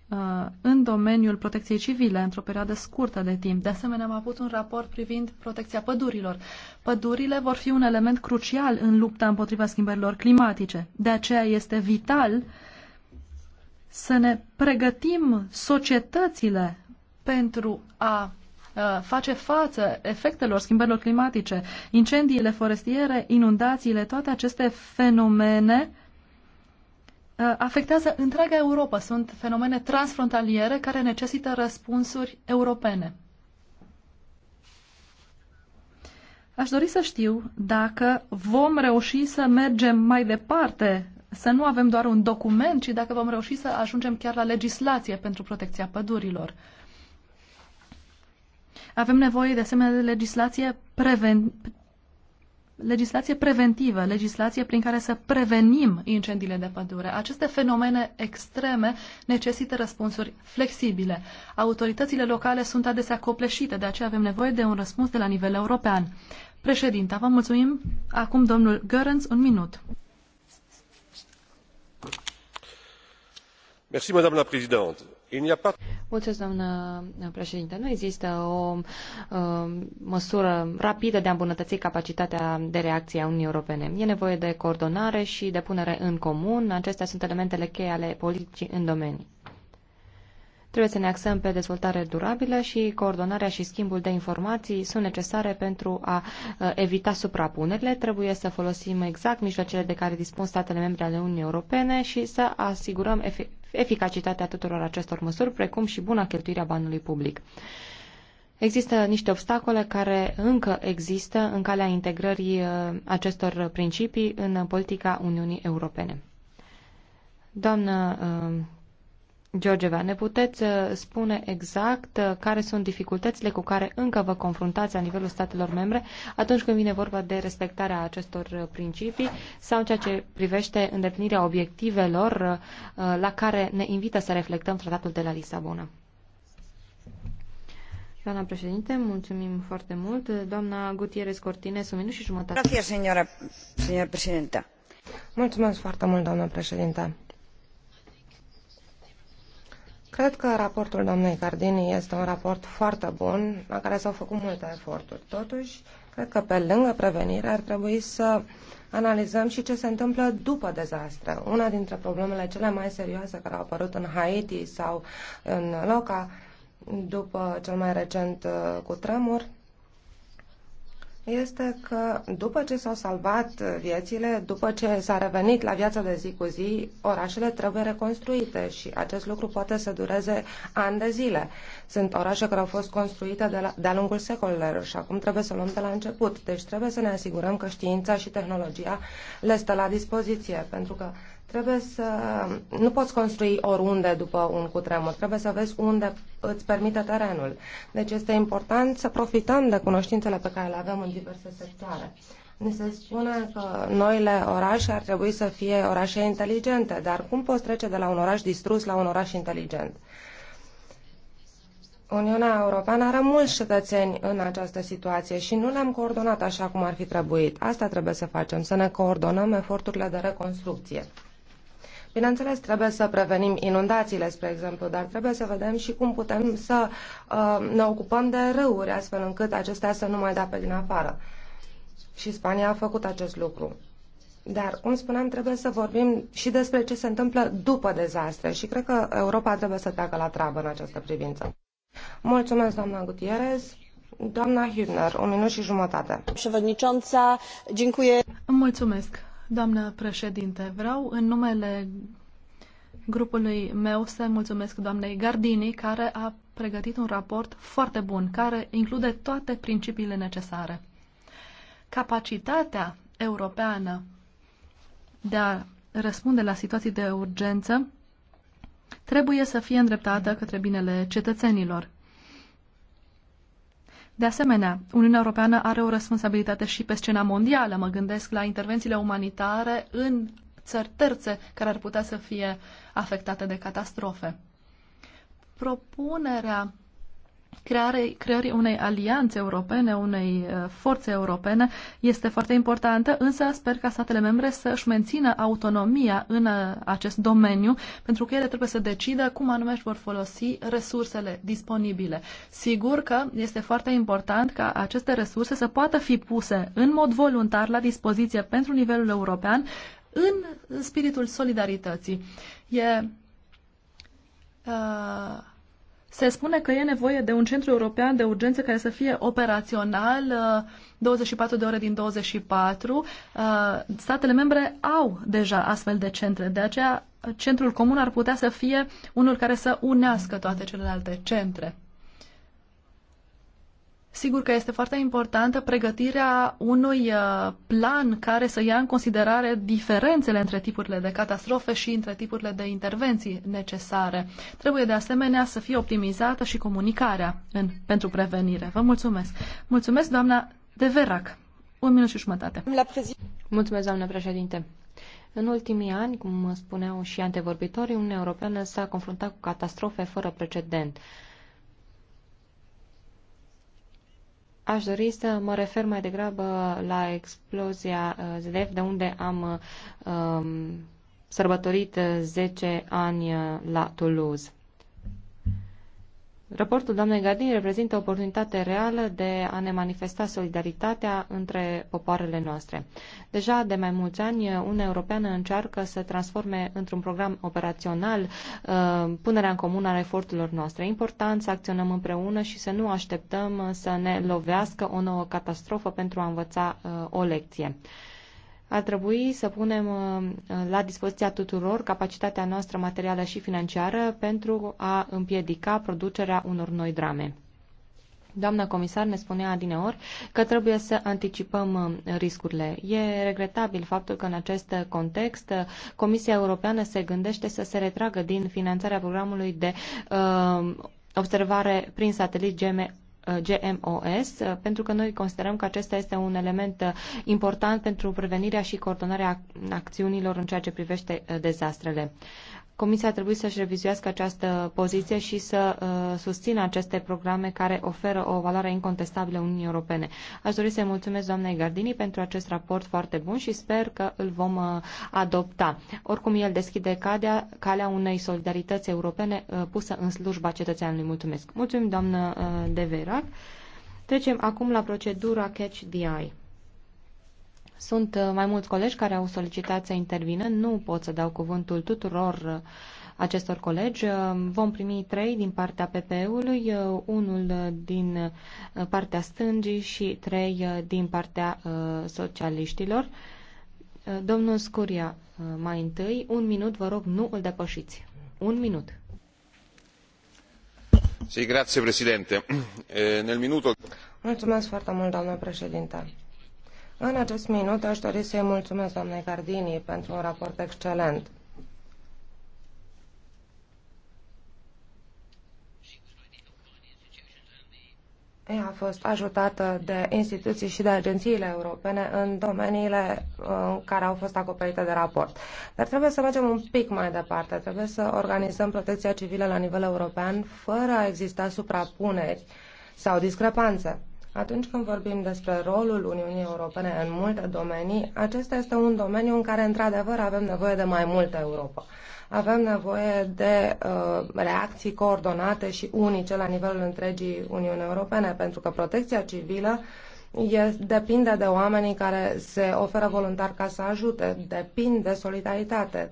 uh, în domeniul protecției civile într-o perioadă scurtă de timp. De asemenea, am avut un raport privind protecția pădurilor. Pădurile vor fi un element crucial în lupta împotriva schimbărilor climatice. De aceea este vital să ne pregătim societățile pentru a Uh, face față efectelor schimbărilor climatice, incendiile forestiere, inundațiile, toate aceste fenomene uh, afectează întreaga Europa. Sunt fenomene transfrontaliere care necesită răspunsuri europene. Aș dori să știu dacă vom reuși să mergem mai departe, să nu avem doar un document, ci dacă vom reuși să ajungem chiar la legislație pentru protecția pădurilor. Avem nevoie de asemenea de legislație, preven... legislație preventivă, legislație prin care să prevenim incendiile de pădure. Aceste fenomene extreme necesită răspunsuri flexibile. Autoritățile locale sunt adesea copleșite, de aceea avem nevoie de un răspuns de la nivel european. Președinta, vă mulțumim. Acum domnul Görens, un minut. Mulțumesc, doamna președinte. Mulțumesc, doamnă președinte. Nu există o uh, măsură rapidă de a îmbunătăți capacitatea de reacție a Uniunii Europene. E nevoie de coordonare și de punere în comun. Acestea sunt elementele cheie ale politicii în domeniu. Trebuie să ne axăm pe dezvoltare durabilă și coordonarea și schimbul de informații sunt necesare pentru a uh, evita suprapunerile. Trebuie să folosim exact mijloacele de care dispun statele membre ale Uniunii Europene și să asigurăm efic eficacitatea tuturor acestor măsuri, precum și buna cheltuire a banului public. Există niște obstacole care încă există în calea integrării uh, acestor principii în politica Uniunii Europene. Doamnă uh, Georgeva, ne puteți uh, spune exact uh, care sunt dificultățile cu care încă vă confruntați la nivelul statelor membre atunci când vine vorba de respectarea acestor uh, principii sau în ceea ce privește îndeplinirea obiectivelor la care ne invită să reflectăm tratatul de la Lisabona? Doamna președinte, mulțumim foarte mult. Doamna Gutierrez Cortines, un minut și jumătate. Mulțumesc, señora, señora Mulțumesc foarte mult, doamna președinte. Cred că raportul doamnei Cardini este un raport foarte bun, la care s-au făcut multe eforturi. Totuși, cred că pe lângă prevenire ar trebui să analizăm și ce se întâmplă după dezastre. Una dintre problemele cele mai serioase care au apărut în Haiti sau în Loca, după cel mai recent uh, cutremur, este că după ce s-au salvat viețile, după ce s-a revenit la viața de zi cu zi, orașele trebuie reconstruite și acest lucru poate să dureze ani de zile. Sunt orașe care au fost construite de la, de-a lungul secolelor și acum trebuie să luăm de la început. Deci trebuie să ne asigurăm că știința și tehnologia le stă la dispoziție, pentru că Trebuie să... Nu poți construi oriunde după un cutremur. Trebuie să vezi unde îți permite terenul. Deci este important să profităm de cunoștințele pe care le avem în diverse sectoare. Ne se spune că noile orașe ar trebui să fie orașe inteligente, dar cum poți trece de la un oraș distrus la un oraș inteligent? Uniunea Europeană are mulți cetățeni în această situație și nu le-am coordonat așa cum ar fi trebuit. Asta trebuie să facem, să ne coordonăm eforturile de reconstrucție. Bineînțeles, trebuie să prevenim inundațiile, spre exemplu, dar trebuie să vedem și cum putem să uh, ne ocupăm de râuri, astfel încât acestea să nu mai dea pe din afară. Și Spania a făcut acest lucru. Dar, cum spuneam, trebuie să vorbim și despre ce se întâmplă după dezastre și cred că Europa trebuie să treacă la treabă în această privință. Mulțumesc, doamna Gutierrez. Doamna Hübner, o minut și jumătate. Mulțumesc. Doamnă președinte, vreau în numele grupului meu să mulțumesc doamnei Gardini, care a pregătit un raport foarte bun, care include toate principiile necesare. Capacitatea europeană de a răspunde la situații de urgență trebuie să fie îndreptată către binele cetățenilor. De asemenea, Uniunea Europeană are o responsabilitate și pe scena mondială. Mă gândesc la intervențiile umanitare în țări terțe care ar putea să fie afectate de catastrofe. Propunerea creare, creării unei alianțe europene, unei uh, forțe europene este foarte importantă, însă sper ca statele membre să își mențină autonomia în uh, acest domeniu, pentru că ele trebuie să decidă cum anume își vor folosi resursele disponibile. Sigur că este foarte important ca aceste resurse să poată fi puse în mod voluntar la dispoziție pentru nivelul european în spiritul solidarității. E uh, se spune că e nevoie de un centru european de urgență care să fie operațional 24 uh, de ore din 24. Uh, statele membre au deja astfel de centre, de aceea centrul comun ar putea să fie unul care să unească toate celelalte centre. Sigur că este foarte importantă pregătirea unui uh, plan care să ia în considerare diferențele între tipurile de catastrofe și între tipurile de intervenții necesare. Trebuie de asemenea să fie optimizată și comunicarea în, pentru prevenire. Vă mulțumesc. Mulțumesc, doamna Deverac. Un minut și jumătate. Mulțumesc, doamnă președinte. În ultimii ani, cum spuneau și antevorbitorii, Uniunea Europeană s-a confruntat cu catastrofe fără precedent. Aș dori să mă refer mai degrabă la explozia uh, ZDF, de unde am uh, um, sărbătorit 10 uh, ani la Toulouse. Raportul doamnei Gardini reprezintă oportunitate reală de a ne manifesta solidaritatea între popoarele noastre. Deja de mai mulți ani, Uniunea Europeană încearcă să transforme într-un program operațional uh, punerea în comun a eforturilor noastre. E important să acționăm împreună și să nu așteptăm să ne lovească o nouă catastrofă pentru a învăța uh, o lecție. Uh, ar trebui să punem uh, la dispoziția tuturor capacitatea noastră materială și financiară pentru a împiedica producerea unor noi drame. Doamna comisar ne spunea adineori că trebuie să anticipăm uh, riscurile. E regretabil faptul că în acest context uh, Comisia Europeană se gândește să se retragă din finanțarea programului de uh, observare prin satelit GME Uh, GMOS, uh, pentru că noi considerăm că acesta este un element uh, important pentru prevenirea și coordonarea acțiunilor în ceea ce privește dezastrele. Comisia ar trebui să-și revizuiască această poziție și să uh, susțină aceste programe care oferă o valoare incontestabilă Uniunii Europene. Aș dori să-i mulțumesc doamnei Gardini pentru acest raport foarte bun și sper că îl vom uh, adopta. Oricum, el deschide cadea, calea unei solidarități europene uh, pusă în slujba cetățeanului. Mulțumesc. Mulțumim, doamnă uh, Deverac. Trecem acum la procedura Catch the Eye. Sunt uh, mai mulți colegi care au solicitat să intervină. Nu pot să dau cuvântul tuturor uh, acestor colegi. Uh, vom primi trei din partea PPE-ului, unul din partea stângii și trei din partea socialiștilor. Domnul Scuria, mai întâi, un minut, vă rog, nu îl depășiți. Un minut. grazie, Presidente. Eh, nel minuto... Mulțumesc foarte mult, doamnă președinte în acest minut aș dori să-i mulțumesc doamnei Gardini pentru un raport excelent. Ea a fost ajutată de instituții și de agențiile europene în domeniile uh, care au fost acoperite de raport. Dar trebuie să mergem un pic mai departe. Trebuie să organizăm protecția civilă la nivel european fără a exista suprapuneri sau discrepanțe. Atunci când vorbim despre rolul Uniunii Europene în multe domenii, acesta este un domeniu în care, într-adevăr, avem nevoie de mai multă Europa. Avem nevoie de uh, reacții coordonate și unice la nivelul întregii Uniunii Europene, pentru că protecția civilă e, depinde de oamenii care se oferă voluntar ca să ajute, depinde de solidaritate,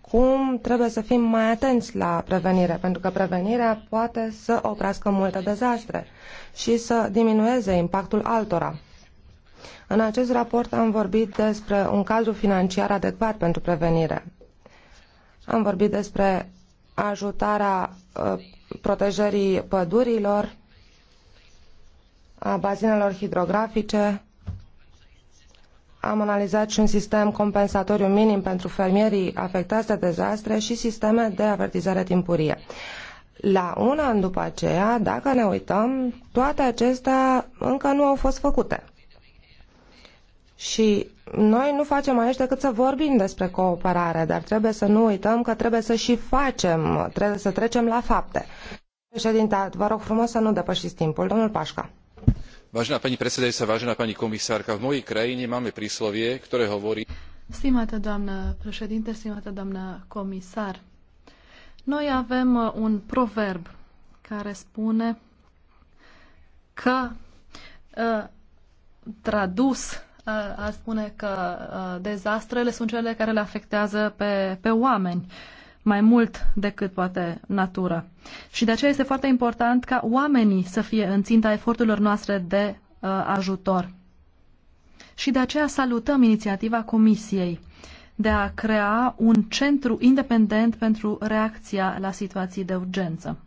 acum trebuie să fim mai atenți la prevenire, pentru că prevenirea poate să oprească multe dezastre și să diminueze impactul altora. În acest raport am vorbit despre un cadru financiar adecvat pentru prevenire. Am vorbit despre ajutarea ă, protejării pădurilor, a bazinelor hidrografice, am analizat și un sistem compensatoriu minim pentru fermierii afectați de dezastre și sisteme de avertizare timpurie. La un an după aceea, dacă ne uităm, toate acestea încă nu au fost făcute. Și noi nu facem aici decât să vorbim despre cooperare, dar trebuie să nu uităm că trebuie să și facem, trebuie să trecem la fapte. Președinte, vă rog frumos să nu depășiți timpul. Domnul Pașca vážená pani predsedajúca vážená pani komisárka v mojej krajine máme príslovie ktoré hovorí Stimată doamnă președinte, stimată doamnă comisar, noi avem un proverb care spune că ă, tradus ă, ar spune că ă, dezastrele sunt cele care le afectează pe, pe oameni mai mult decât poate natura. Și de aceea este foarte important ca oamenii să fie în ținta eforturilor noastre de uh, ajutor. Și de aceea salutăm inițiativa Comisiei de a crea un centru independent pentru reacția la situații de urgență.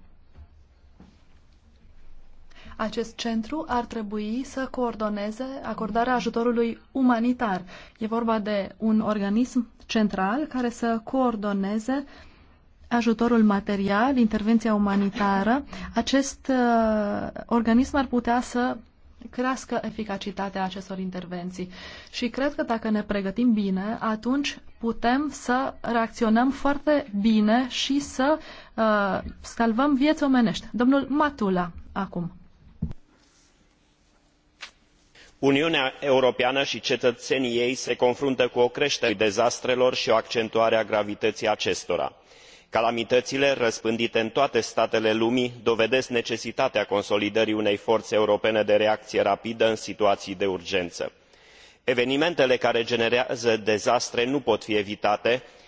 Acest centru ar trebui să coordoneze acordarea ajutorului umanitar. E vorba de un organism central care să coordoneze ajutorul material, intervenția umanitară. Acest uh, organism ar putea să crească eficacitatea acestor intervenții. Și cred că dacă ne pregătim bine, atunci putem să reacționăm foarte bine și să uh, scalvăm vieți omenești. Domnul Matula, acum uniunea europeană i cetăenii ei se confruntă cu o cretere a dezastrelor i o accentuare a gravităii acestora. calamităile răspândite în toate statele lumii dovedesc necesitatea consolidării unei fore europene de reacie rapidă în situaii de urgenă. evenimentele care generează dezastre nu pot fi evitate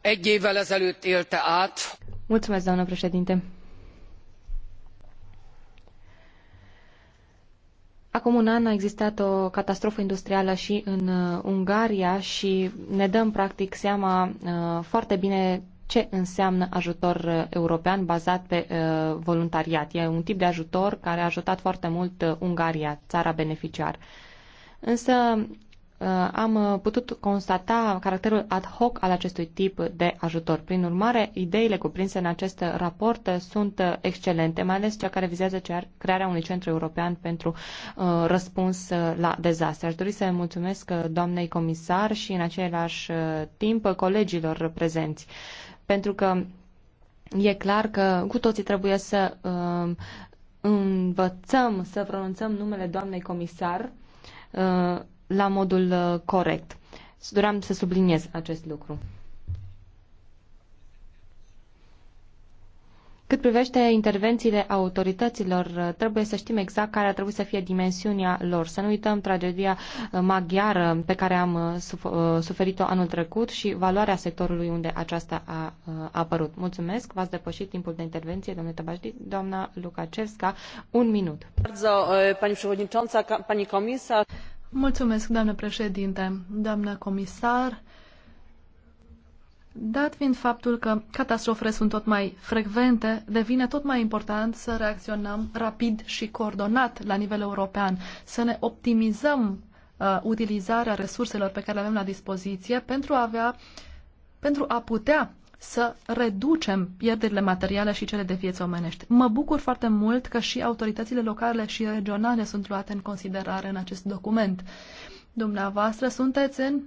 egy évvel ezelőtt élte át. doamnă președinte. Acum un an a existat o catastrofă industrială și în uh, Ungaria și ne dăm practic seama uh, foarte bine ce înseamnă ajutor uh, european bazat pe voluntariat. E un tip de ajutor care a ajutat foarte mult Ungaria, țara beneficiar. Însă Uh, am uh, putut constata caracterul ad hoc al acestui tip de ajutor. Prin urmare, ideile cuprinse în acest raport uh, sunt excelente, mai ales cea care vizează crearea unui centru european pentru răspuns la dezastre. Aș dori să mulțumesc doamnei comisar și în același timp colegilor prezenți, pentru că e clar că cu toții trebuie să învățăm să pronunțăm numele doamnei comisar la modul uh, corect. Doream să subliniez acest lucru. Cât privește intervențiile autorităților, uh, trebuie să știm exact care ar trebui să fie dimensiunea lor. Să nu uităm tragedia uh, maghiară pe care am suferit-o anul trecut și valoarea sectorului unde aceasta a apărut. Mulțumesc, v-ați depășit timpul de intervenție, domnule Tăbașdi. Doamna Lukacevska, un minut. Pani Mulțumesc, doamnă președinte, doamnă comisar. Dat fiind faptul că catastrofele sunt tot mai frecvente, devine tot mai important să reacționăm rapid și coordonat la nivel european, să ne optimizăm uh, utilizarea resurselor pe care le avem la dispoziție pentru a avea pentru a putea să reducem pierderile materiale și cele de vieți omenești. Mă bucur foarte mult că și autoritățile locale și regionale sunt luate în considerare în acest document. Dumneavoastră sunteți în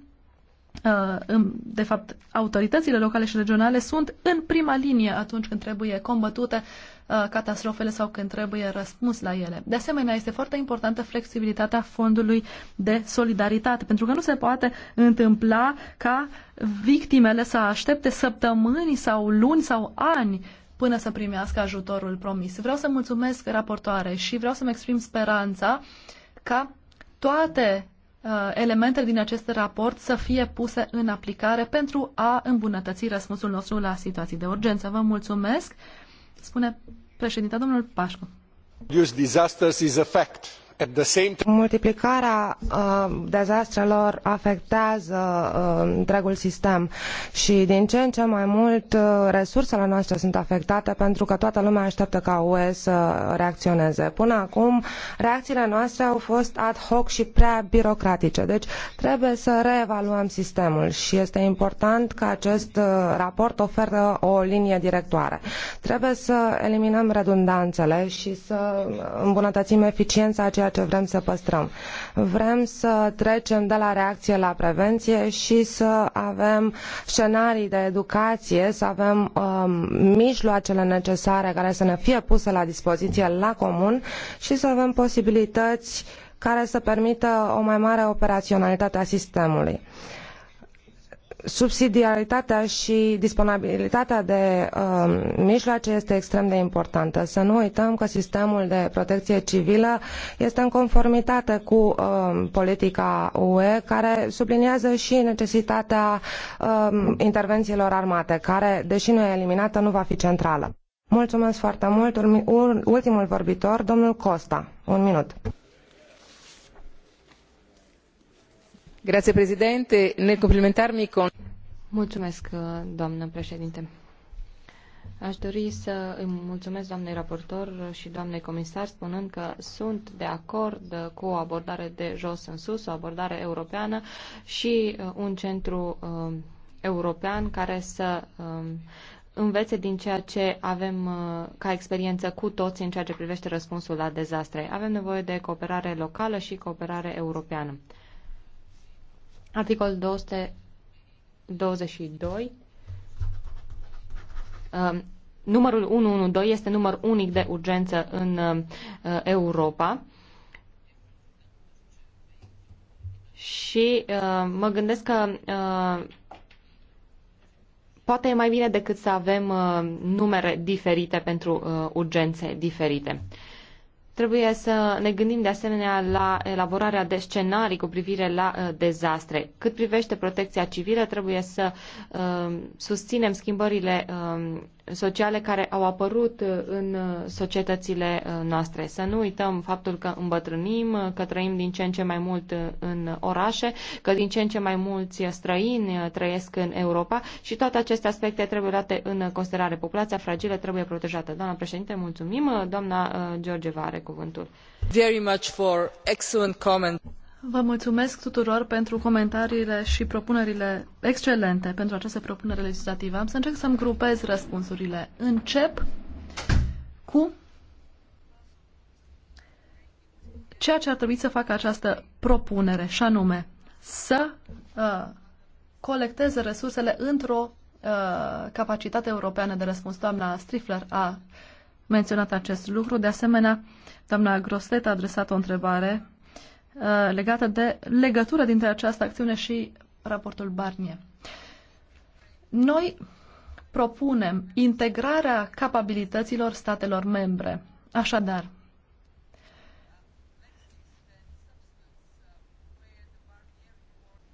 uh, de fapt, autoritățile locale și regionale sunt în prima linie atunci când trebuie combătute Uh, catastrofele sau când trebuie răspuns la ele. De asemenea, este foarte importantă flexibilitatea fondului de solidaritate, pentru că nu se poate întâmpla ca victimele să aștepte săptămâni sau luni sau ani până să primească ajutorul promis. Vreau să mulțumesc raportoare și vreau să-mi exprim speranța ca toate uh, elementele din acest raport să fie puse în aplicare pentru a îmbunătăți răspunsul nostru la situații de urgență. Vă mulțumesc! Spune președinte, domnul Pașcu. is a fact. Multiplicarea uh, dezastrelor afectează uh, întregul sistem și din ce în ce mai mult uh, resursele noastre sunt afectate pentru că toată lumea așteaptă ca UE să reacționeze. Până acum, reacțiile noastre au fost ad hoc și prea birocratice, deci trebuie să reevaluăm sistemul și este important ca acest uh, raport oferă o linie directoare. Trebuie să eliminăm redundanțele și să îmbunătățim eficiența a ceea ceea ce vrem să păstrăm. Vrem să trecem de la reacție la prevenție și să avem scenarii de educație, să avem um, mijloacele necesare care să ne fie puse la dispoziție la comun și să avem posibilități care să permită o mai mare operaționalitate a sistemului. Uh, subsidiaritatea și disponibilitatea de um, mijloace este extrem de importantă. Să nu uităm că sistemul de protecție civilă este în conformitate cu um, politica UE, care subliniază și necesitatea um, intervențiilor armate, care, deși nu e eliminată, nu va fi centrală. Mulțumesc foarte mult. Ultimul vorbitor, domnul Costa. Un minut. a Mulțumesc, uh, președinte. Aș dori să îi mulțumesc doamnei raportor și doamnei comisar spunând că sunt de acord cu o abordare de jos în sus, o abordare europeană și uh, un centru uh, european care să uh, învețe din ceea ce avem uh, ca experiență cu toți în ceea ce privește răspunsul la dezastre. Avem nevoie de cooperare locală și cooperare europeană. Articol 222. Um, numărul 112 este număr unic de urgență în um, uh, Europa. Și uh, mă gândesc că uh, poate e mai bine decât să avem numere diferite pentru urgențe diferite. Trebuie să ne gândim de asemenea la elaborarea de scenarii cu privire la uh, dezastre. Cât privește protecția civilă, trebuie să uh, susținem schimbările um, sociale care au apărut uh, în uh, societățile uh, noastre. Să nu uităm faptul că îmbătrânim, că trăim din ce în ce mai mult în orașe, că din ce în ce mai mulți străini trăiesc în Europa și toate aceste aspecte trebuie luate în considerare. Populația fragilă trebuie protejată. Doamna președinte, mulțumim. Doamna va are cuvântul. Very much for excellent comment. Vă mulțumesc tuturor pentru comentariile și propunerile excelente pentru această propunere legislativă. Am să încerc să-mi grupez răspunsurile. Încep cu ceea ce ar trebui să facă această propunere, și anume să uh, colecteze resursele într-o uh, capacitate europeană de răspuns. Doamna Strifler a menționat acest lucru. De asemenea, doamna Grostet a adresat o întrebare Uh, legată de legătură dintre această acțiune și raportul Barnier. Noi propunem integrarea capabilităților statelor membre. Așadar,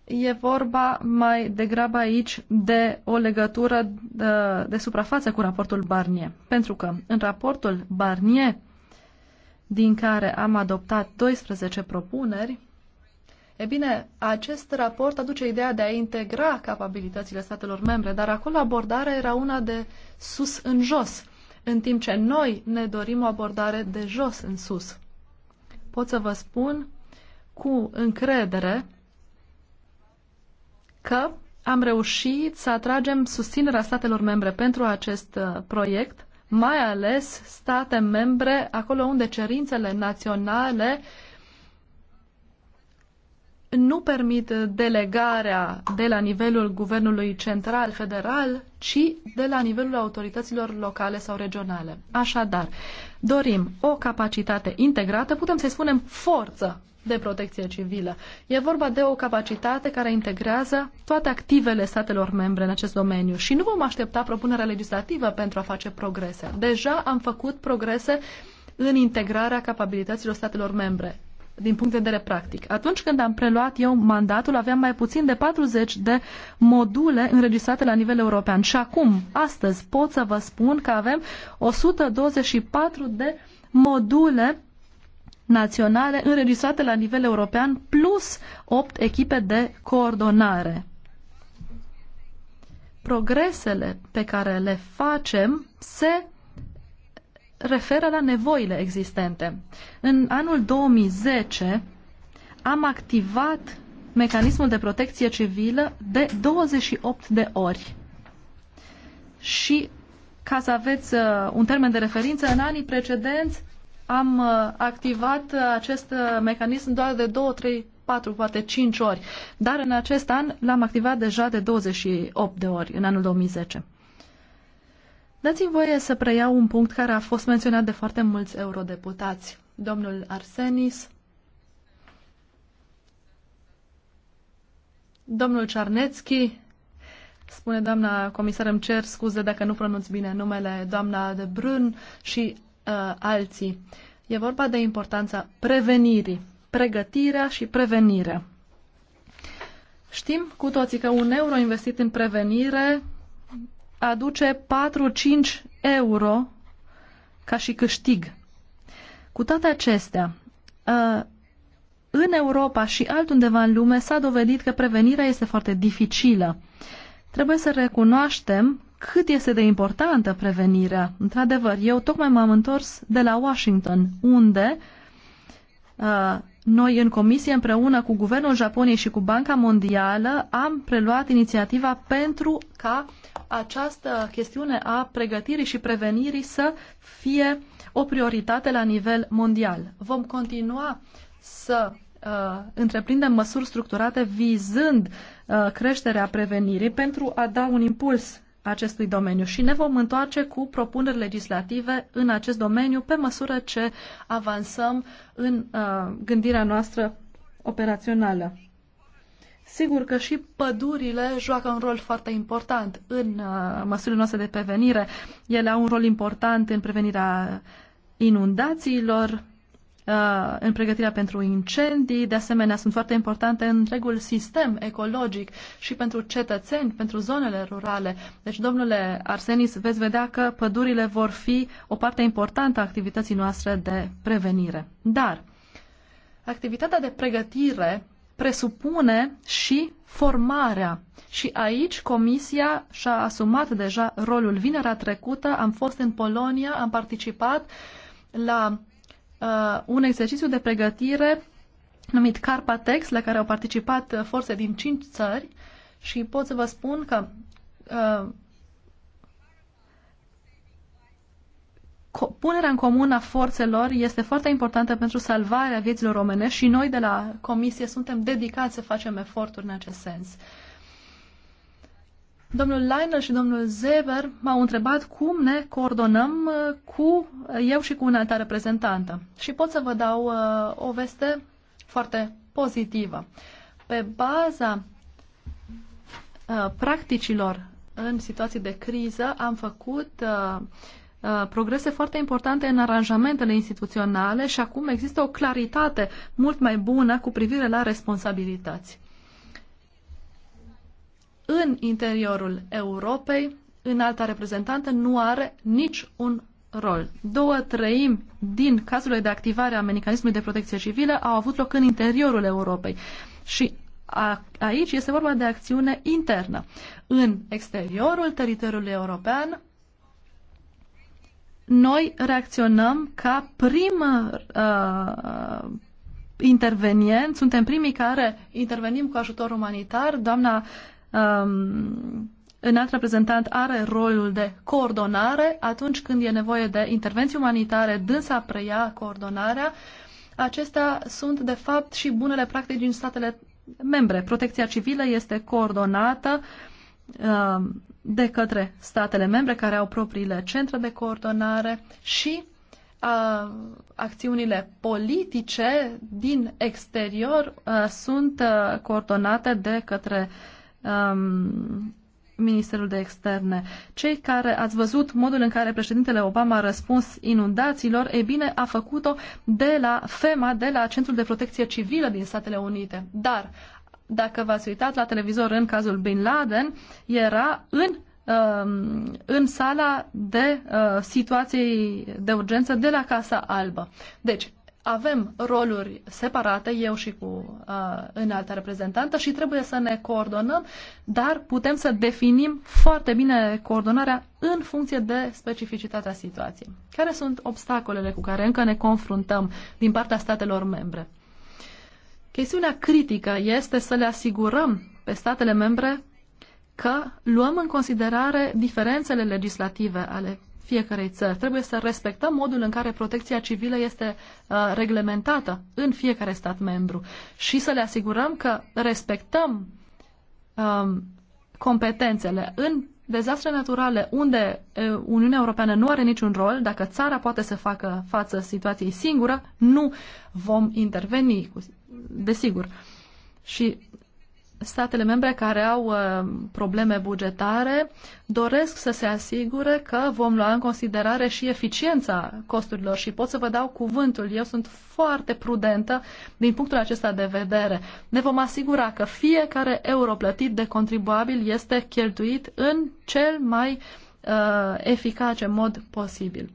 E vorba mai degrabă aici de o legătură de, uh, de suprafață cu raportul Barnier. Pentru că în raportul Barnier din care am adoptat 12 propuneri, e bine, acest raport aduce ideea de a integra capabilitățile statelor membre, dar acolo abordarea era una de sus în jos, în timp ce noi ne dorim o abordare de jos în sus. Pot să vă spun cu încredere că am reușit să atragem susținerea statelor membre pentru acest uh, proiect mai ales state membre acolo unde cerințele naționale nu permit delegarea de la nivelul guvernului central-federal, ci de la nivelul autorităților locale sau regionale. Așadar, dorim o capacitate integrată, putem să-i spunem forță de protecție civilă. E vorba de o capacitate care integrează toate activele statelor membre în acest domeniu și nu vom aștepta propunerea legislativă pentru a face progrese. Deja am făcut progrese în integrarea capabilităților statelor membre din punct de vedere practic. Atunci când am preluat eu mandatul, aveam mai puțin de 40 de module înregistrate la nivel european. Și acum, astăzi, pot să vă spun că avem 124 de module naționale înregistrate la nivel european, plus 8 echipe de coordonare. Progresele pe care le facem se referă la nevoile existente. În anul 2010 am activat mecanismul de protecție civilă de 28 de ori. Și ca să aveți uh, un termen de referință, în anii precedenți am uh, activat uh, acest uh, mecanism doar de 2, 3, 4, poate 5 ori, dar în acest an l-am activat deja de 28 de ori, în anul 2010. Dați-mi voie să preiau un punct care a fost menționat de foarte mulți eurodeputați. Domnul Arsenis, domnul Cernețchi, spune doamna comisar, îmi cer scuze dacă nu pronunț bine numele, doamna de Brun și uh, alții. E vorba de importanța prevenirii, pregătirea și prevenirea. Știm cu toții că un euro investit în prevenire aduce 4-5 euro ca și câștig. Cu toate acestea, în Europa și altundeva în lume s-a dovedit că prevenirea este foarte dificilă. Trebuie să recunoaștem cât este de importantă prevenirea. Într-adevăr, eu tocmai m-am întors de la Washington, unde noi în comisie împreună cu Guvernul Japoniei și cu Banca Mondială am preluat inițiativa pentru ca această chestiune a pregătirii și prevenirii să fie o prioritate la nivel mondial. Vom continua să uh, întreprindem măsuri structurate vizând uh, creșterea prevenirii pentru a da un impuls acestui domeniu și ne vom întoarce cu propuneri legislative în acest domeniu pe măsură ce avansăm în uh, gândirea noastră operațională. Sigur că și pădurile joacă un rol foarte important în uh, măsurile noastre de prevenire. Ele au un rol important în prevenirea inundațiilor, Uh, în pregătirea pentru incendii, de asemenea sunt foarte importante în întregul sistem ecologic și pentru cetățeni, pentru zonele rurale. Deci, domnule Arsenis, veți vedea că pădurile vor fi o parte importantă a activității noastre de prevenire. Dar activitatea de pregătire presupune și formarea. Și aici Comisia și-a asumat deja rolul. Vinerea trecută am fost în Polonia, am participat la uh, un exercițiu de pregătire numit Carpatex, la care au participat uh, forțe din cinci țări și pot să vă spun că uh, punerea în comun a forțelor este foarte importantă pentru salvarea vieților omenești și noi de la Comisie suntem dedicați să facem eforturi în acest sens. Domnul Leiner și domnul Zeber m-au întrebat cum ne coordonăm uh, cu eu și cu un alta reprezentantă. Și pot să vă dau uh, o veste foarte pozitivă. Pe baza uh, practicilor în situații de criză am făcut progrese foarte importante în aranjamentele instituționale și acum există o claritate mult mai bună cu privire la responsabilități în interiorul Europei, înalta reprezentantă nu are nici un rol. Două treimi din cazurile de activare a mecanismului de protecție civilă au avut loc în interiorul Europei și a, aici este vorba de acțiune internă. În exteriorul teritoriului european, noi reacționăm ca prim uh, intervenient, suntem primii care intervenim cu ajutor umanitar. Doamna um, înalt reprezentant are rolul de coordonare atunci când e nevoie de intervenții umanitare, dânsa preia coordonarea. Acestea sunt, de fapt, și bunele practici din statele membre. Protecția civilă este coordonată um, de către statele membre care au propriile centre de coordonare și a, acțiunile politice din exterior a, sunt a, coordonate de către um, Ministerul de Externe. Cei care ați văzut modul în care președintele Obama a răspuns inundațiilor, e bine, a făcut-o de la FEMA, de la Centrul de Protecție Civilă din Statele Unite. Dar, dacă v-ați uitat la televizor în cazul Bin Laden, era în um, în sala de uh, situații de urgență de la Casa Albă. Deci, avem roluri separate, eu și cu uh, înalta reprezentantă, și trebuie să ne coordonăm, dar putem să definim foarte bine coordonarea în funcție de specificitatea situației. Care sunt obstacolele cu care încă ne confruntăm din partea statelor membre? Chestiunea critică este să le asigurăm pe statele membre că luăm în considerare diferențele legislative ale fiecarei țări. Trebuie să respectăm modul în care protecția civilă este uh, reglementată în fiecare stat membru și să le asigurăm că respectăm um, competențele în dezastre naturale unde uh, Uniunea Europeană nu are niciun rol, dacă țara poate să facă față situației singură, nu vom interveni, desigur. Și statele membre care au uh, probleme bugetare doresc să se asigure că vom lua în considerare și eficiența costurilor și pot să vă dau cuvântul. Eu sunt foarte prudentă din punctul acesta de vedere. Ne vom asigura că fiecare euro plătit de contribuabil este cheltuit în cel mai uh, eficace mod posibil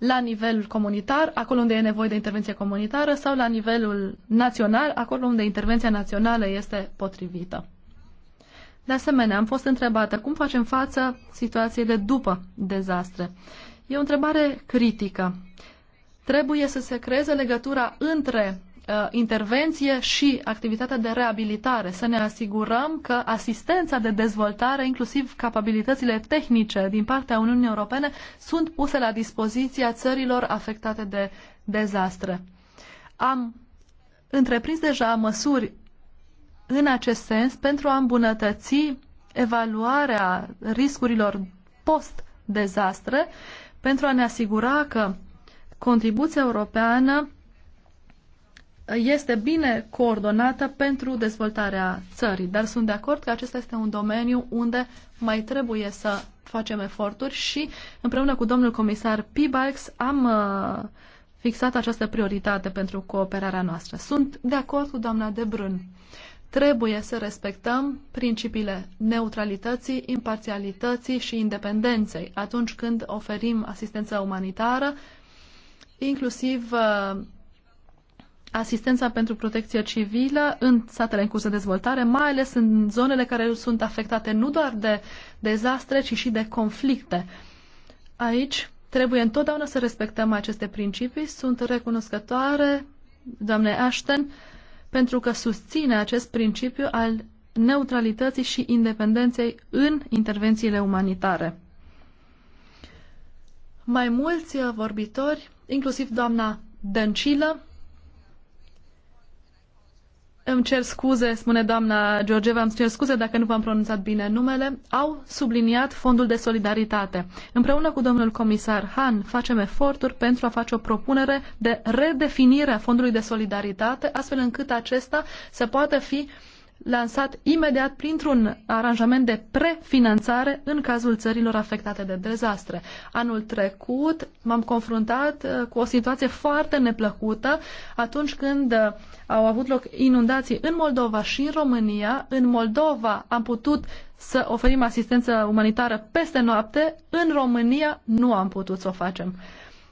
la nivelul comunitar, acolo unde e nevoie de intervenție comunitară, sau la nivelul național, acolo unde intervenția națională este potrivită. De asemenea, am fost întrebată cum facem față situației de după dezastre. E o întrebare critică. Trebuie să se creeze legătura între Uh, intervenție și activitatea de reabilitare, să ne asigurăm că asistența de dezvoltare, inclusiv capabilitățile tehnice din partea Uniunii Europene, sunt puse la dispoziția țărilor afectate de dezastre. Am întreprins deja măsuri în acest sens pentru a îmbunătăți evaluarea riscurilor post-dezastre, pentru a ne asigura că contribuția europeană este bine coordonată pentru dezvoltarea țării, dar sunt de acord că acesta este un domeniu unde mai trebuie să facem eforturi și împreună cu domnul comisar Pibalx am uh, fixat această prioritate pentru cooperarea noastră. Sunt de acord cu doamna De Brân. Trebuie să respectăm principiile neutralității, imparțialității și independenței atunci când oferim asistență umanitară, inclusiv uh, asistența pentru protecție civilă în satele în curs de dezvoltare, mai ales în zonele care sunt afectate nu doar de dezastre, ci și de conflicte. Aici trebuie întotdeauna să respectăm aceste principii. Sunt recunoscătoare, doamne Ashton, pentru că susține acest principiu al neutralității și independenței în intervențiile umanitare. Mai mulți vorbitori, inclusiv doamna Dăncilă, îmi cer scuze, spune doamna Georgeva, îmi cer scuze dacă nu v-am pronunțat bine numele, au subliniat Fondul de Solidaritate. Împreună cu domnul comisar Han facem eforturi pentru a face o propunere de redefinire a Fondului de Solidaritate, astfel încât acesta să poată fi uh, lansat imediat printr-un aranjament de prefinanțare în cazul țărilor afectate de dezastre. Anul trecut m-am confruntat uh, cu o situație foarte neplăcută atunci când uh, au avut loc inundații în Moldova și în România. În Moldova am putut să oferim asistență umanitară peste noapte, în România nu am putut să o facem.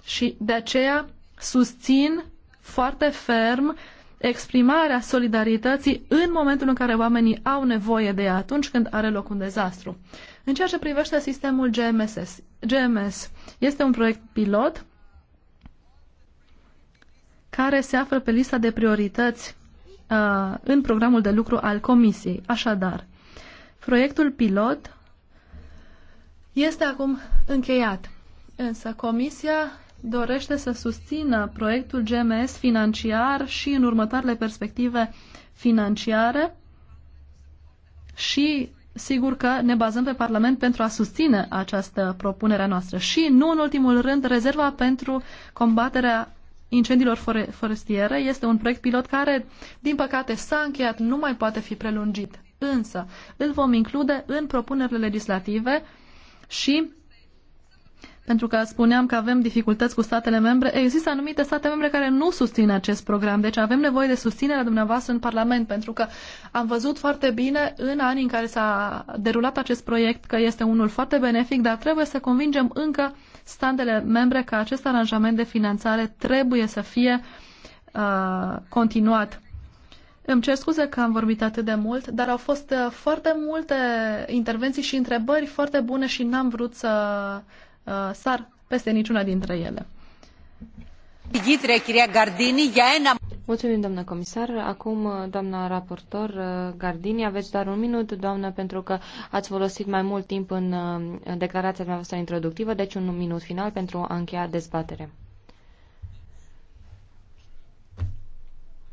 Și de aceea susțin foarte ferm uh, exprimarea solidarității în momentul în care oamenii au nevoie de ea, atunci când are loc un dezastru. În ceea ce privește sistemul GMSS, GMS este un proiect pilot care se află pe lista de priorități uh, în programul de lucru al Comisiei. Așadar, proiectul pilot este acum încheiat, însă Comisia dorește să susțină proiectul GMS financiar și în următoarele perspective financiare și sigur că ne bazăm pe Parlament pentru a susține această propunere a noastră. Și nu în ultimul rând, rezerva pentru combaterea incendiilor fore forestiere este un proiect pilot care, din păcate, s-a încheiat, nu mai poate fi prelungit. Însă, îl vom include în propunerile legislative și pentru că spuneam că avem dificultăți cu statele membre, există anumite state membre care nu susțin acest program. Deci avem nevoie de susținerea dumneavoastră în Parlament, pentru că am văzut foarte bine în anii în care s-a derulat acest proiect că este unul foarte benefic, dar trebuie să convingem încă statele membre că acest aranjament de finanțare trebuie să fie uh, continuat. Îmi cer scuze că am vorbit atât de mult, dar au fost uh, foarte multe intervenții și întrebări foarte bune și n-am vrut să uh, sar peste niciuna dintre ele. Mulțumim, doamnă comisar. Acum, uh, doamna raportor uh, Gardini, aveți doar un minut, doamnă, pentru că ați folosit mai mult timp în uh, declarația dumneavoastră introductivă, deci un minut final pentru a încheia dezbaterea.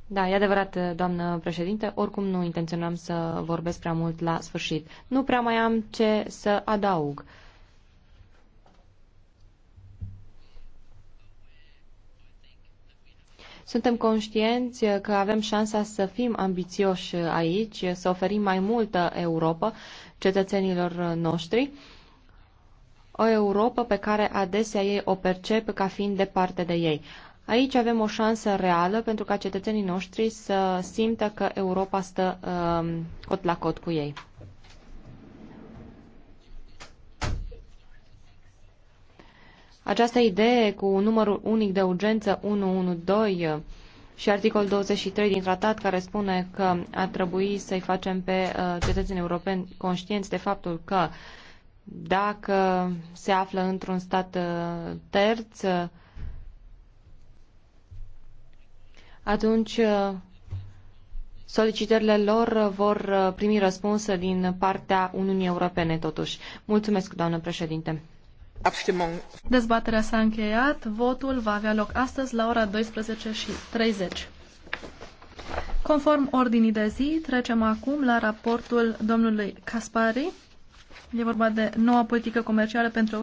Da, e adevărat, doamnă președinte, oricum nu intenționam să vorbesc prea mult la sfârșit. Nu prea mai am ce să adaug. Suntem conștienți că avem șansa să fim ambițioși aici, să oferim mai multă Europa cetățenilor noștri, o Europa pe care adesea ei o percep ca fiind departe de ei. Aici avem o șansă reală pentru ca cetățenii noștri să simtă că Europa stă um, cot la cot cu ei. Această idee cu numărul unic de urgență 112 și articolul 23 din tratat care spune că ar trebui să-i facem pe uh, cetățenii europeni conștienți de faptul că dacă se află într-un stat uh, terț, uh, atunci solicitările lor vor primi răspuns din partea Uniunii Europene, totuși. Mulțumesc, doamnă președinte. Dezbaterea s-a încheiat. Votul va avea loc astăzi la ora 12:30. Conform ordinii de zi, trecem acum la raportul domnului Caspari. E vorba de noua politică comercială pentru